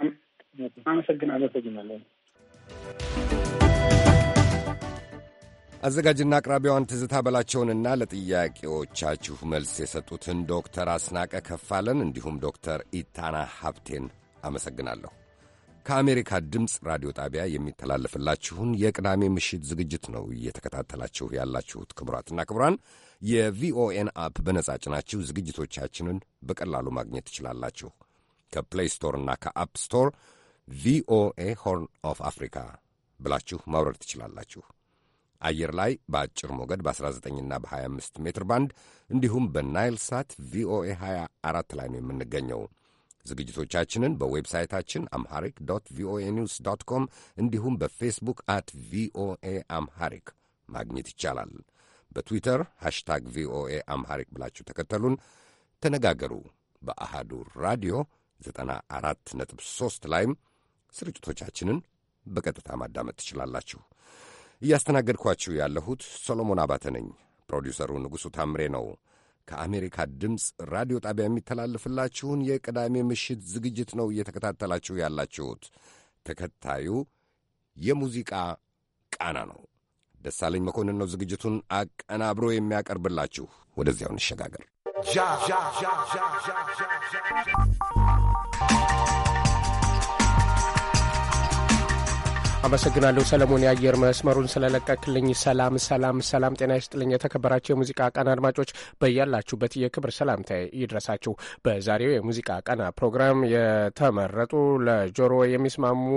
አዘጋጅና አቅራቢዋን ትዝታ በላቸውንና ለጥያቄዎቻችሁ መልስ የሰጡትን ዶክተር አስናቀ ከፋለን እንዲሁም ዶክተር ኢታና ሀብቴን አመሰግናለሁ። ከአሜሪካ ድምፅ ራዲዮ ጣቢያ የሚተላለፍላችሁን የቅዳሜ ምሽት ዝግጅት ነው እየተከታተላችሁ ያላችሁት። ክቡራትና ክቡራን የቪኦኤን አፕ በነጻ ጭናችሁ ዝግጅቶቻችንን በቀላሉ ማግኘት ትችላላችሁ። ከፕሌይ ስቶርና ከአፕ ስቶር ቪኦኤ ሆርን ኦፍ አፍሪካ ብላችሁ ማውረድ ትችላላችሁ። አየር ላይ በአጭር ሞገድ በ19ና በ25 ሜትር ባንድ እንዲሁም በናይል ሳት ቪኦኤ 24 ላይ ነው የምንገኘው። ዝግጅቶቻችንን በዌብሳይታችን አምሐሪክ ዶት ቪኦኤ ኒውስ ዶት ኮም እንዲሁም በፌስቡክ አት ቪኦኤ አምሐሪክ ማግኘት ይቻላል። በትዊተር ሃሽታግ ቪኦኤ አምሐሪክ ብላችሁ ተከተሉን፣ ተነጋገሩ። በአሃዱ ራዲዮ 94.3 ላይም ስርጭቶቻችንን በቀጥታ ማዳመጥ ትችላላችሁ። እያስተናገድኳችሁ ያለሁት ሰሎሞን አባተ ነኝ። ፕሮዲውሰሩ ንጉሡ ታምሬ ነው። ከአሜሪካ ድምፅ ራዲዮ ጣቢያ የሚተላለፍላችሁን የቅዳሜ ምሽት ዝግጅት ነው እየተከታተላችሁ ያላችሁት። ተከታዩ የሙዚቃ ቃና ነው። ደሳለኝ መኮንን ነው ዝግጅቱን አቀናብሮ የሚያቀርብላችሁ። ወደዚያው እንሸጋገር። አመሰግናለሁ ሰለሞን፣ የአየር መስመሩን ስለለቀቅልኝ። ሰላም ሰላም ሰላም፣ ጤና ይስጥልኝ። የተከበራቸው የሙዚቃ ቀን አድማጮች በያላችሁበት የክብር ሰላምታ ይድረሳችሁ። በዛሬው የሙዚቃ ቀና ፕሮግራም የተመረጡ ለጆሮ የሚስማሙ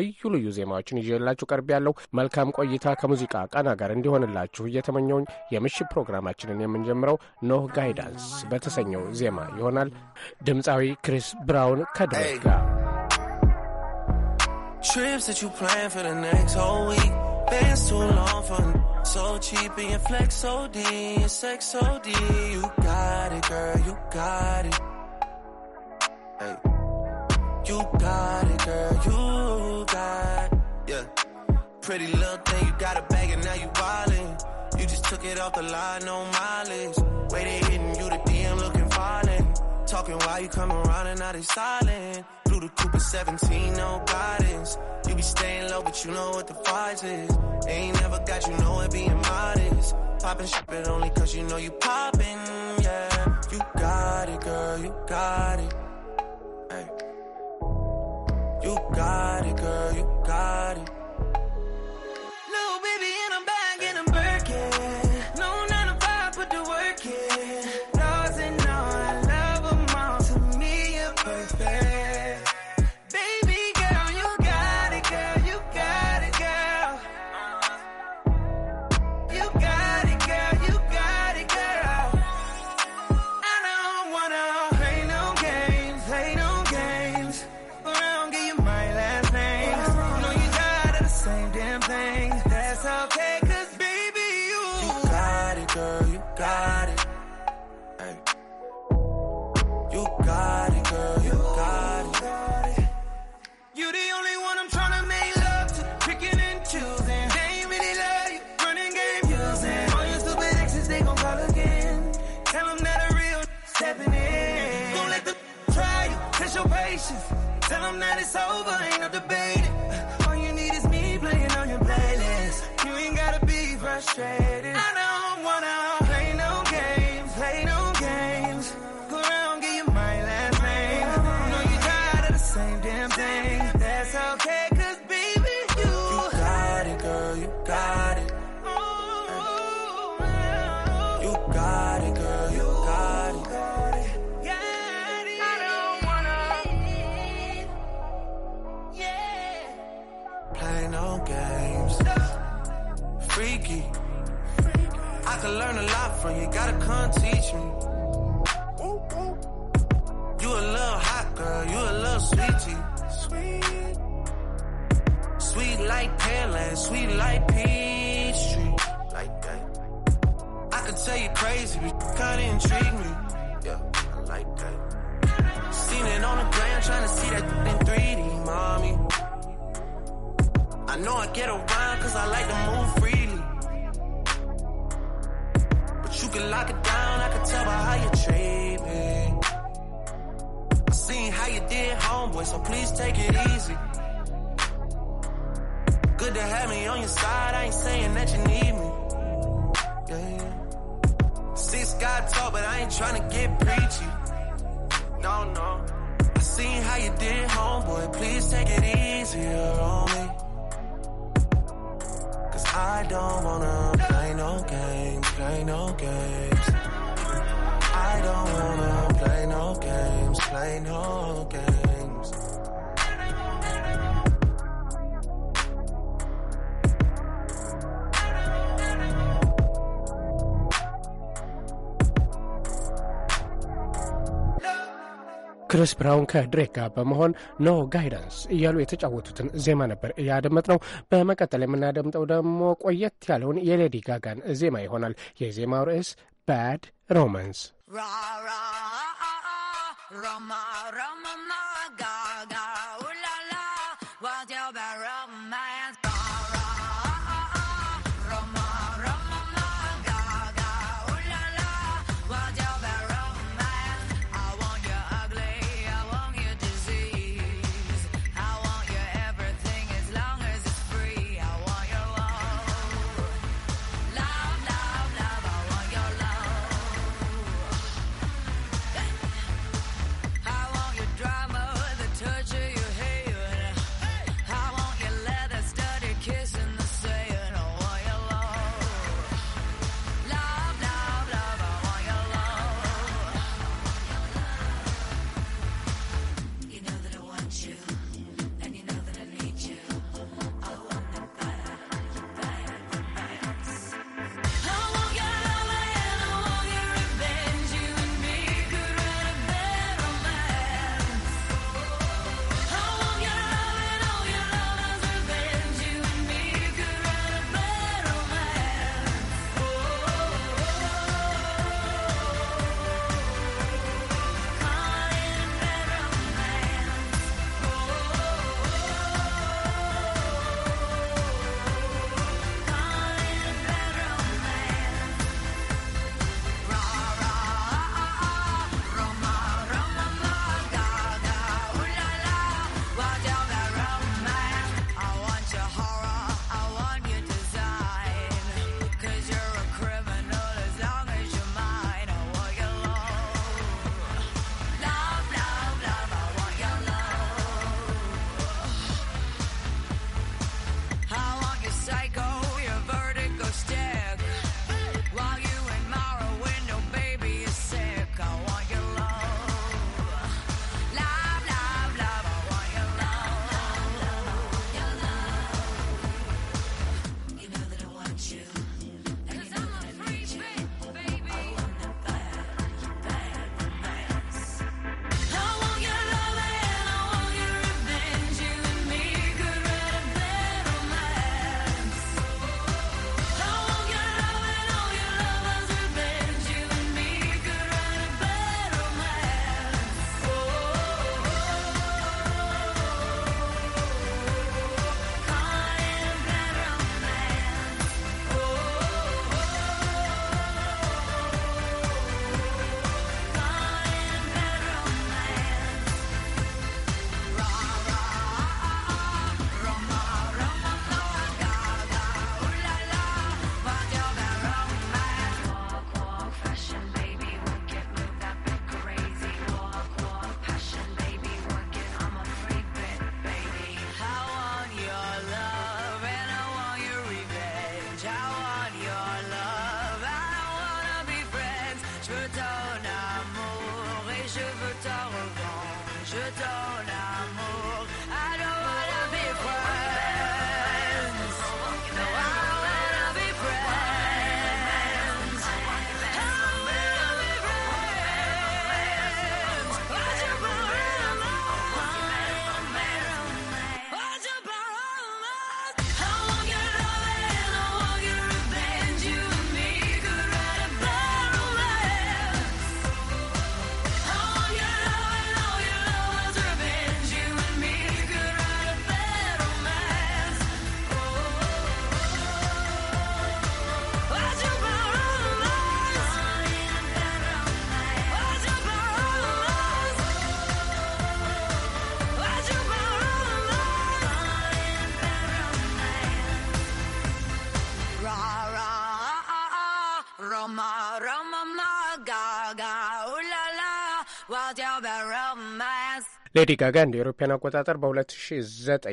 ልዩ ልዩ ዜማዎችን ይዤላችሁ ቀርብ ያለው መልካም ቆይታ ከሙዚቃ ቀና ጋር እንዲሆንላችሁ እየተመኘውኝ የምሽት ፕሮግራማችንን የምንጀምረው ኖህ ጋይዳንስ በተሰኘው ዜማ ይሆናል። ድምፃዊ ክሪስ ብራውን ከድሬክ ጋር Trips that you plan for the next whole week. Bands too long for so cheap and your flex OD, your sex OD. You got it, girl, you got it. Hey. You got it, girl, you got it. Yeah. Pretty little thing, you got a bag and now you wildin'. You just took it off the line, no mileage. Waiting, hitting you the DM looking violent. Talking while you come around and now they silent new Cooper 17, no bodies. You be staying low, but you know what the price is. Ain't never got you know it being modest. Poppin' shit, but only cause you know you poppin', yeah. You got it, girl, you got it. Hey. You got it, girl, you got it. it's over, ain't no debating. All you need is me playing on your playlist. You ain't gotta be frustrated. I know. from, you gotta come teach me. You a little hot girl, you a little sweetie. Sweet. Sweet like Pearland, sweet like Peachtree. Like that. I could tell you crazy, but you kinda intrigue me. Yeah, I like that. Seen it on the ground, trying to see that in 3D, mommy. I know I get around, cause I like to move free. can lock it down, I can tell by how you treat me. I seen how you did, homeboy, so please take it easy. Good to have me on your side, I ain't saying that you need me. Yeah, yeah. See got talk, but I ain't trying to get preachy. No, no. I seen how you did, homeboy, please take it easier on me. I don't wanna play no games, play no games. I don't wanna play no games, play no games. ክሪስ ብራውን ከድሬክ ጋር በመሆን ኖ ጋይዳንስ እያሉ የተጫወቱትን ዜማ ነበር እያደመጥ ነው። በመቀጠል የምናደምጠው ደግሞ ቆየት ያለውን የሌዲ ጋጋን ዜማ ይሆናል። የዜማው ርዕስ ባድ ሮማንስ። ሌዲ ጋጋ እንደ ኤሮፓያን አቆጣጠር በ2009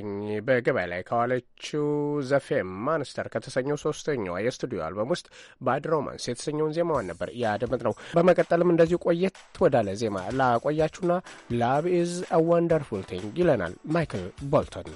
በገበያ ላይ ከዋለችው ዘፌ ማንስተር ከተሰኘው ሶስተኛዋ የስቱዲዮ አልበም ውስጥ ባድ ሮማንስ የተሰኘውን ዜማዋን ነበር ነው። በመቀጠልም እንደዚሁ ቆየት ወዳለ ዜማ ላቆያችሁና ላቭ ኢዝ አ ቲንግ ይለናል ማይክል ቦልቶን።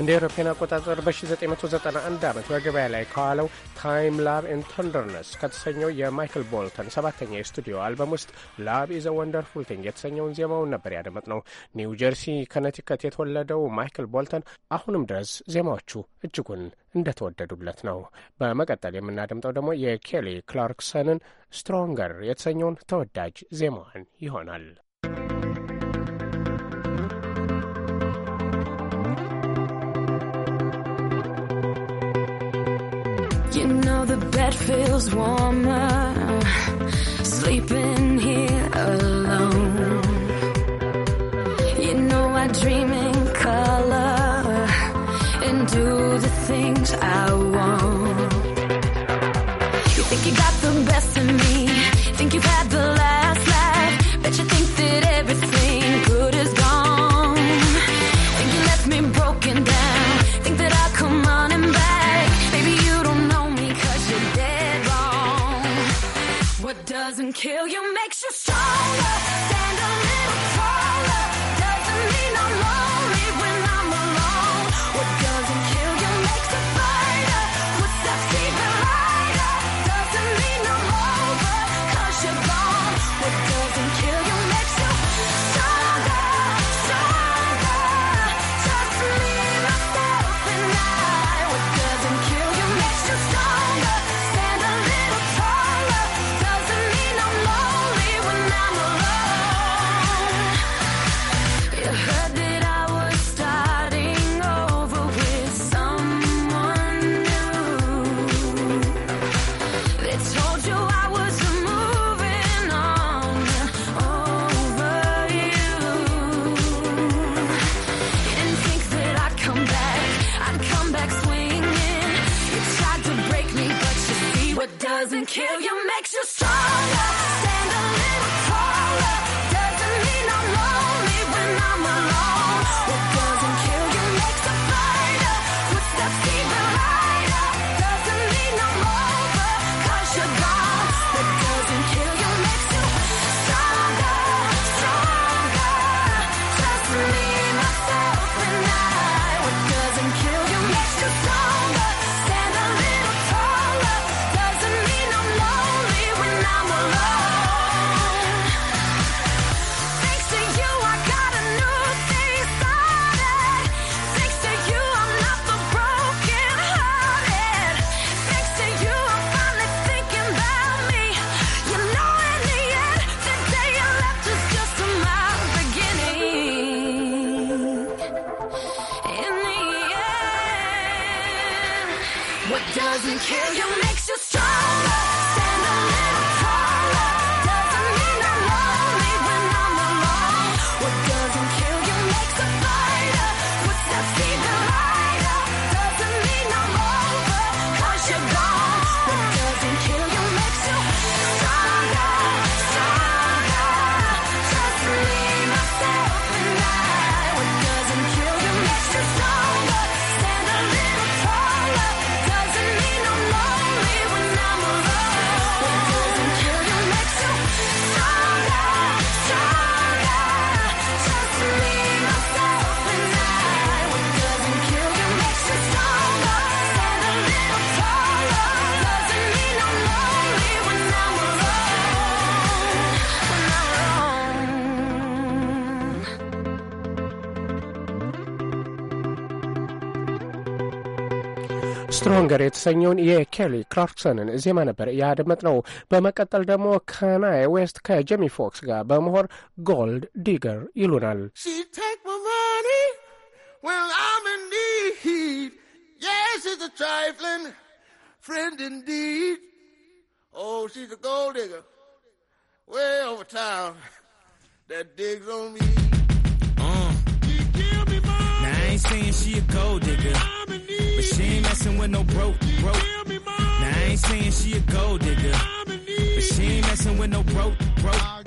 እንደ አውሮፓውያን አቆጣጠር በ1991 ዓመት በገበያ ላይ ከዋለው ታይም ላቭ ኤን ተንደርነስ ከተሰኘው የማይክል ቦልተን ሰባተኛ የስቱዲዮ አልበም ውስጥ ላቭ ኢዘ ወንደርፉል ቲንግ የተሰኘውን ዜማውን ነበር ያደመጥ ነው። ኒው ጀርሲ ከነቲከት የተወለደው ማይክል ቦልተን አሁንም ድረስ ዜማዎቹ እጅጉን እንደተወደዱለት ነው። በመቀጠል የምናደምጠው ደግሞ የኬሊ ክላርክሰንን ስትሮንገር የተሰኘውን ተወዳጅ ዜማዋን ይሆናል። bed feels warmer sleeping here alone. You know I dream in color and do the things I want. ሲንገር የተሰኘውን የኬሊ ክላርክሰንን ዜማ ነበር ያደመጥነው። በመቀጠል ደግሞ ካናይ ዌስት ከጄሚ ፎክስ ጋር በመሆን ጎልድ ዲገር ይሉናል። I'm in need. Yes, she's a trifling friend indeed. Oh, she's a gold digger. Way over town that digs on me. Uh. I ain't saying she a gold digger messing with no broke, broke. Now I ain't saying she a gold digger, but she ain't messing with no broke, broke.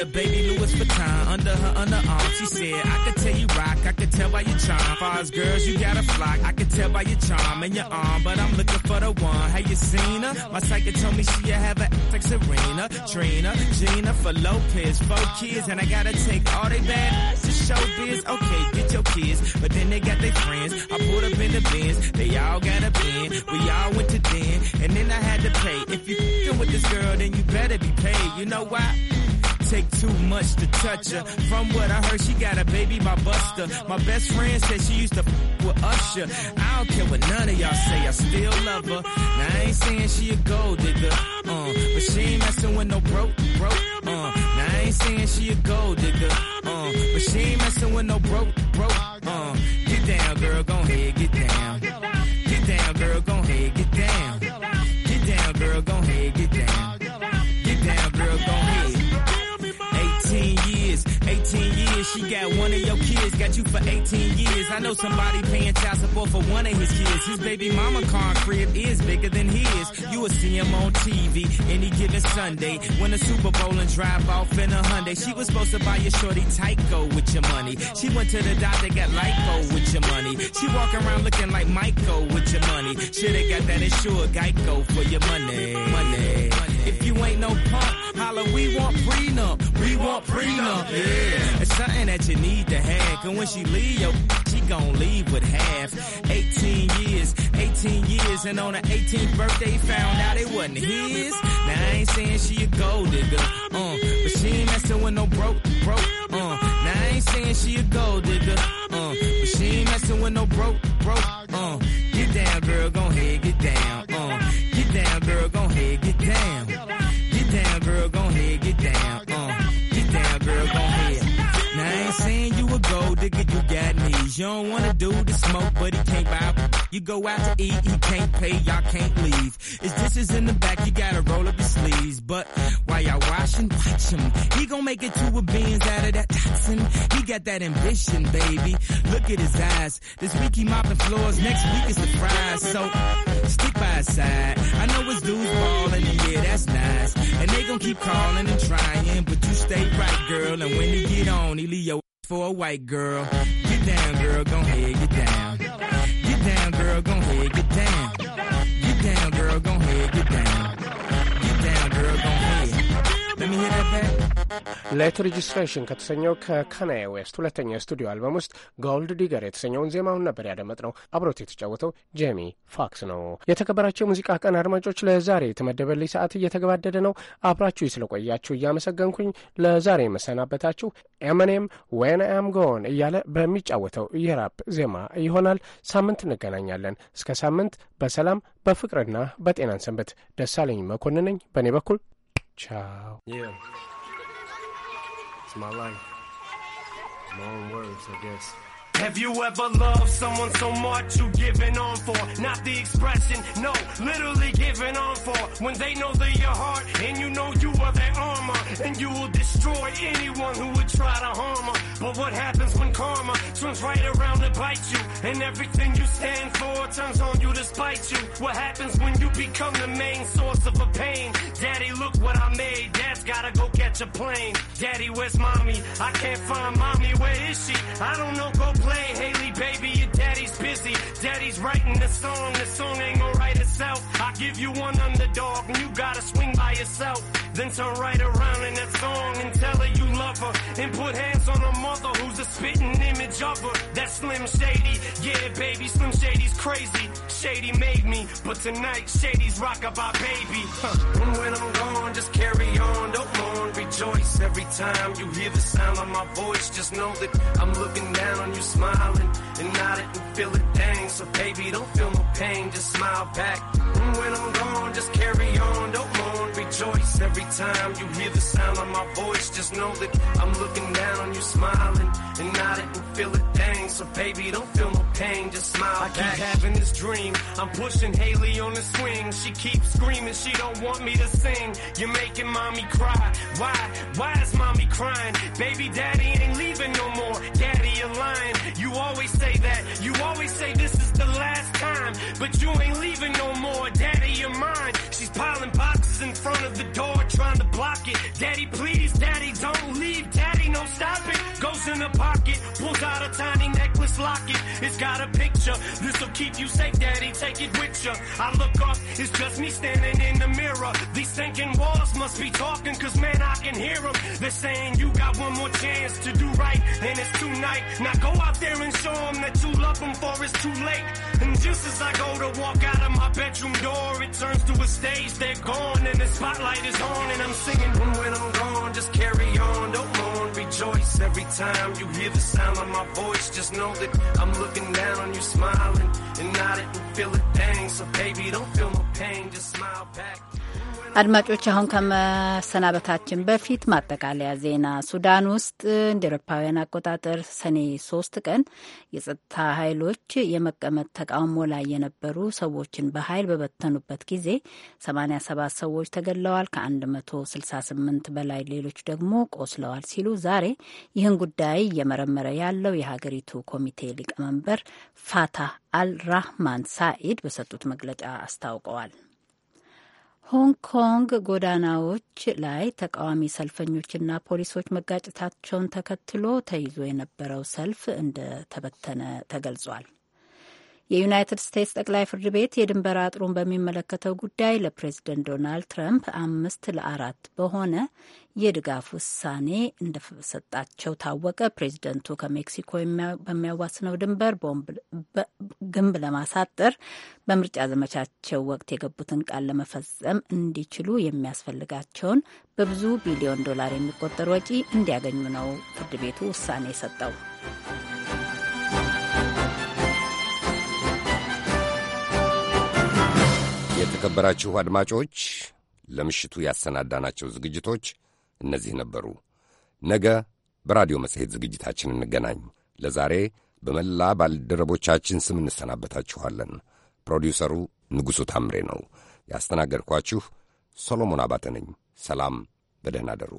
a baby Louis Vuitton under her underarm. She said, I could tell you rock, I could tell by your charm. Far girls, you got a flock. I could tell by your charm and your arm, but I'm looking for the one. Have you seen her? My psychic told me she have a like Serena, Trina, Gina for Lopez, four kids, and I gotta take all they bad to show this. Okay, get your kids, but then they got their friends. I pulled up in the bins, they all got a bin. We all went to den, and then I had to pay. If you with this girl, then you better be paid. You know why? take too much to touch her. From what I heard, she got a baby by Buster. My best friend said she used to f with Usher. I don't care what none of y'all say, I still love her. Now I ain't saying she a gold digger, uh, but she ain't messing with no broke, broke, uh. Now I ain't saying she a gold digger, uh, but she ain't messing with no broke, broke, uh. Get down, girl, go ahead, get down. Get down, girl, go ahead, get down. 18 years. She got one of your kids, got you for 18 years. I know somebody paying child support for one of his kids. His baby mama car crib is bigger than his. You will see him on TV any given Sunday. Win a Super Bowl and drive off in a Hyundai. She was supposed to buy your shorty Tyco with your money. She went to the doctor, got Lyco with your money. She walk around looking like Michael with your money. Should've got that insured Geico for your money. Money. money. If you ain't no punk, holla, we want prenup. We want prenup. Yeah. It's something that you need to have. And when she leave, yo, she gon' leave with half. 18 years, 18 years, and on her 18th birthday, found out it wasn't his. Now I ain't saying she a gold digger, uh, but she ain't messing with no broke, broke, uh. Now I ain't saying she a gold digger, uh, but she ain't messing with no broke, broke, uh. Get down, girl, gon' head, get down. You don't want to do the smoke, but he can't buy. You go out to eat, he can't pay, y'all can't leave. His dishes in the back, you gotta roll up your sleeves. But while y'all washing, watch him. He gon' make it to a beans out of that toxin. He got that ambition, baby. Look at his eyes. This week he mopping floors, next week is the fries. So stick by his side. I know his dudes ballin', and yeah, that's nice. And they gon' keep calling and trying, but you stay right, girl. And when he get on, he leave your for a white girl. Get down, girl, gon' head, get down. Get down, girl, gon' head, get down. Get down, girl, gon' head, get down. Get down, girl, gon' head. Let me hear that back. ሌት ሬጅስትሬሽን ከተሰኘው ከካናዬ ዌስት ሁለተኛ የስቱዲዮ አልበም ውስጥ ጎልድ ዲገር የተሰኘውን ዜማውን ነበር ያደመጥነው። አብሮት የተጫወተው ጄሚ ፋክስ ነው። የተከበራቸው የሙዚቃ ቀን አድማጮች፣ ለዛሬ የተመደበልኝ ሰዓት እየተገባደደ ነው። አብራችሁ ስለቆያችሁ እያመሰገንኩኝ ለዛሬ መሰናበታችሁ ኤምኔም ዌን አም ጎን እያለ በሚጫወተው የራፕ ዜማ ይሆናል። ሳምንት እንገናኛለን። እስከ ሳምንት በሰላም በፍቅርና በጤናን ሰንበት። ደሳለኝ መኮንን ነኝ። በእኔ በኩል ቻው። It's my life. My own words, I guess. Have you ever loved someone so much you giving on for? Not the expression, no, literally giving on for. When they know they're your heart and you know you are their armor, and you will destroy anyone who would try to harm her. But what happens when karma turns right around to bite you? And everything you stand for turns on you to spite you. What happens when you become the main source of a pain? Daddy, look what I made. Dad's gotta go catch a plane. Daddy, where's mommy? I can't find mommy. Where is she? I don't know. Go play play, Haley, baby, your daddy's busy. Daddy's writing the song, the song ain't gonna write itself. I give you one underdog, and you gotta swing by yourself. Then turn right around in that song and tell her you love her. And put hands on her mother, who's a spitting image of her. That Slim Shady, yeah, baby, Slim Shady's crazy. Shady made me, but tonight Shady's rock about baby. Huh. And when I'm gone, just carry on, not mourn, rejoice every time you hear the sound of my voice. Just know that I'm looking down on you, smiling and nodding and feel it dang. So baby, don't feel no pain, just smile back. And mm, when I'm gone, just carry on, don't mourn rejoice every time you hear the sound of my voice. Just know that I'm looking down on you, smiling and I didn't feel a thing. So baby, don't feel no pain, just smile. I back. keep having this dream. I'm pushing Haley on the swing. She keeps screaming, she don't want me to sing. You're making mommy cry. Why? Why is mommy crying? Baby, daddy ain't leaving no more. Daddy, you're lying. You always say that. You always say this is the last time, but you ain't leaving no more. Daddy, you're mine. She's piling the door trying to block it. Daddy, please, daddy, don't leave. Daddy, no stop it. Goes in the pocket, pulls out a tiny necklace locket. It's got a picture. This'll keep you safe, daddy. Take it with you. I look up, it's just me standing in the mirror. These thinking walls must be talking, cause hear them. They're saying you got one more chance to do right, and it's tonight. Now go out there and show them that you love them, for it's too late. And just as I go to walk out of my bedroom door, it turns to a stage. They're gone, and the spotlight is on, and I'm singing. And when I'm gone, just carry on, don't mourn, rejoice. Every time you hear the sound of my voice, just know that I'm looking down on you, smiling, and didn't feel a thing. So baby, don't feel my pain, just smile back. አድማጮች አሁን ከመሰናበታችን በፊት ማጠቃለያ ዜና። ሱዳን ውስጥ እንደ ኤሮፓውያን አቆጣጠር ሰኔ ሶስት ቀን የጸጥታ ኃይሎች የመቀመጥ ተቃውሞ ላይ የነበሩ ሰዎችን በኃይል በበተኑበት ጊዜ 87 ሰዎች ተገድለዋል፣ ከ168 በላይ ሌሎች ደግሞ ቆስለዋል ሲሉ ዛሬ ይህን ጉዳይ እየመረመረ ያለው የሀገሪቱ ኮሚቴ ሊቀመንበር ፋታህ አልራህማን ሳኢድ በሰጡት መግለጫ አስታውቀዋል። ሆንግ ኮንግ ጎዳናዎች ላይ ተቃዋሚ ሰልፈኞችና ፖሊሶች መጋጨታቸውን ተከትሎ ተይዞ የነበረው ሰልፍ እንደተበተነ ተገልጿል። የዩናይትድ ስቴትስ ጠቅላይ ፍርድ ቤት የድንበር አጥሩን በሚመለከተው ጉዳይ ለፕሬዝደንት ዶናልድ ትራምፕ አምስት ለአራት በሆነ የድጋፍ ውሳኔ እንደሰጣቸው ታወቀ። ፕሬዝደንቱ ከሜክሲኮ በሚያዋስነው ድንበር ግንብ ለማሳጠር በምርጫ ዘመቻቸው ወቅት የገቡትን ቃል ለመፈጸም እንዲችሉ የሚያስፈልጋቸውን በብዙ ቢሊዮን ዶላር የሚቆጠር ወጪ እንዲያገኙ ነው ፍርድ ቤቱ ውሳኔ የሰጠው። የተከበራችሁ አድማጮች ለምሽቱ ያሰናዳናቸው ዝግጅቶች እነዚህ ነበሩ። ነገ በራዲዮ መጽሔት ዝግጅታችን እንገናኝ። ለዛሬ በመላ ባልደረቦቻችን ስም እንሰናበታችኋለን። ፕሮዲውሰሩ ንጉሡ ታምሬ ነው። ያስተናገድኳችሁ ሰሎሞን አባተ ነኝ። ሰላም፣ በደህና አደሩ።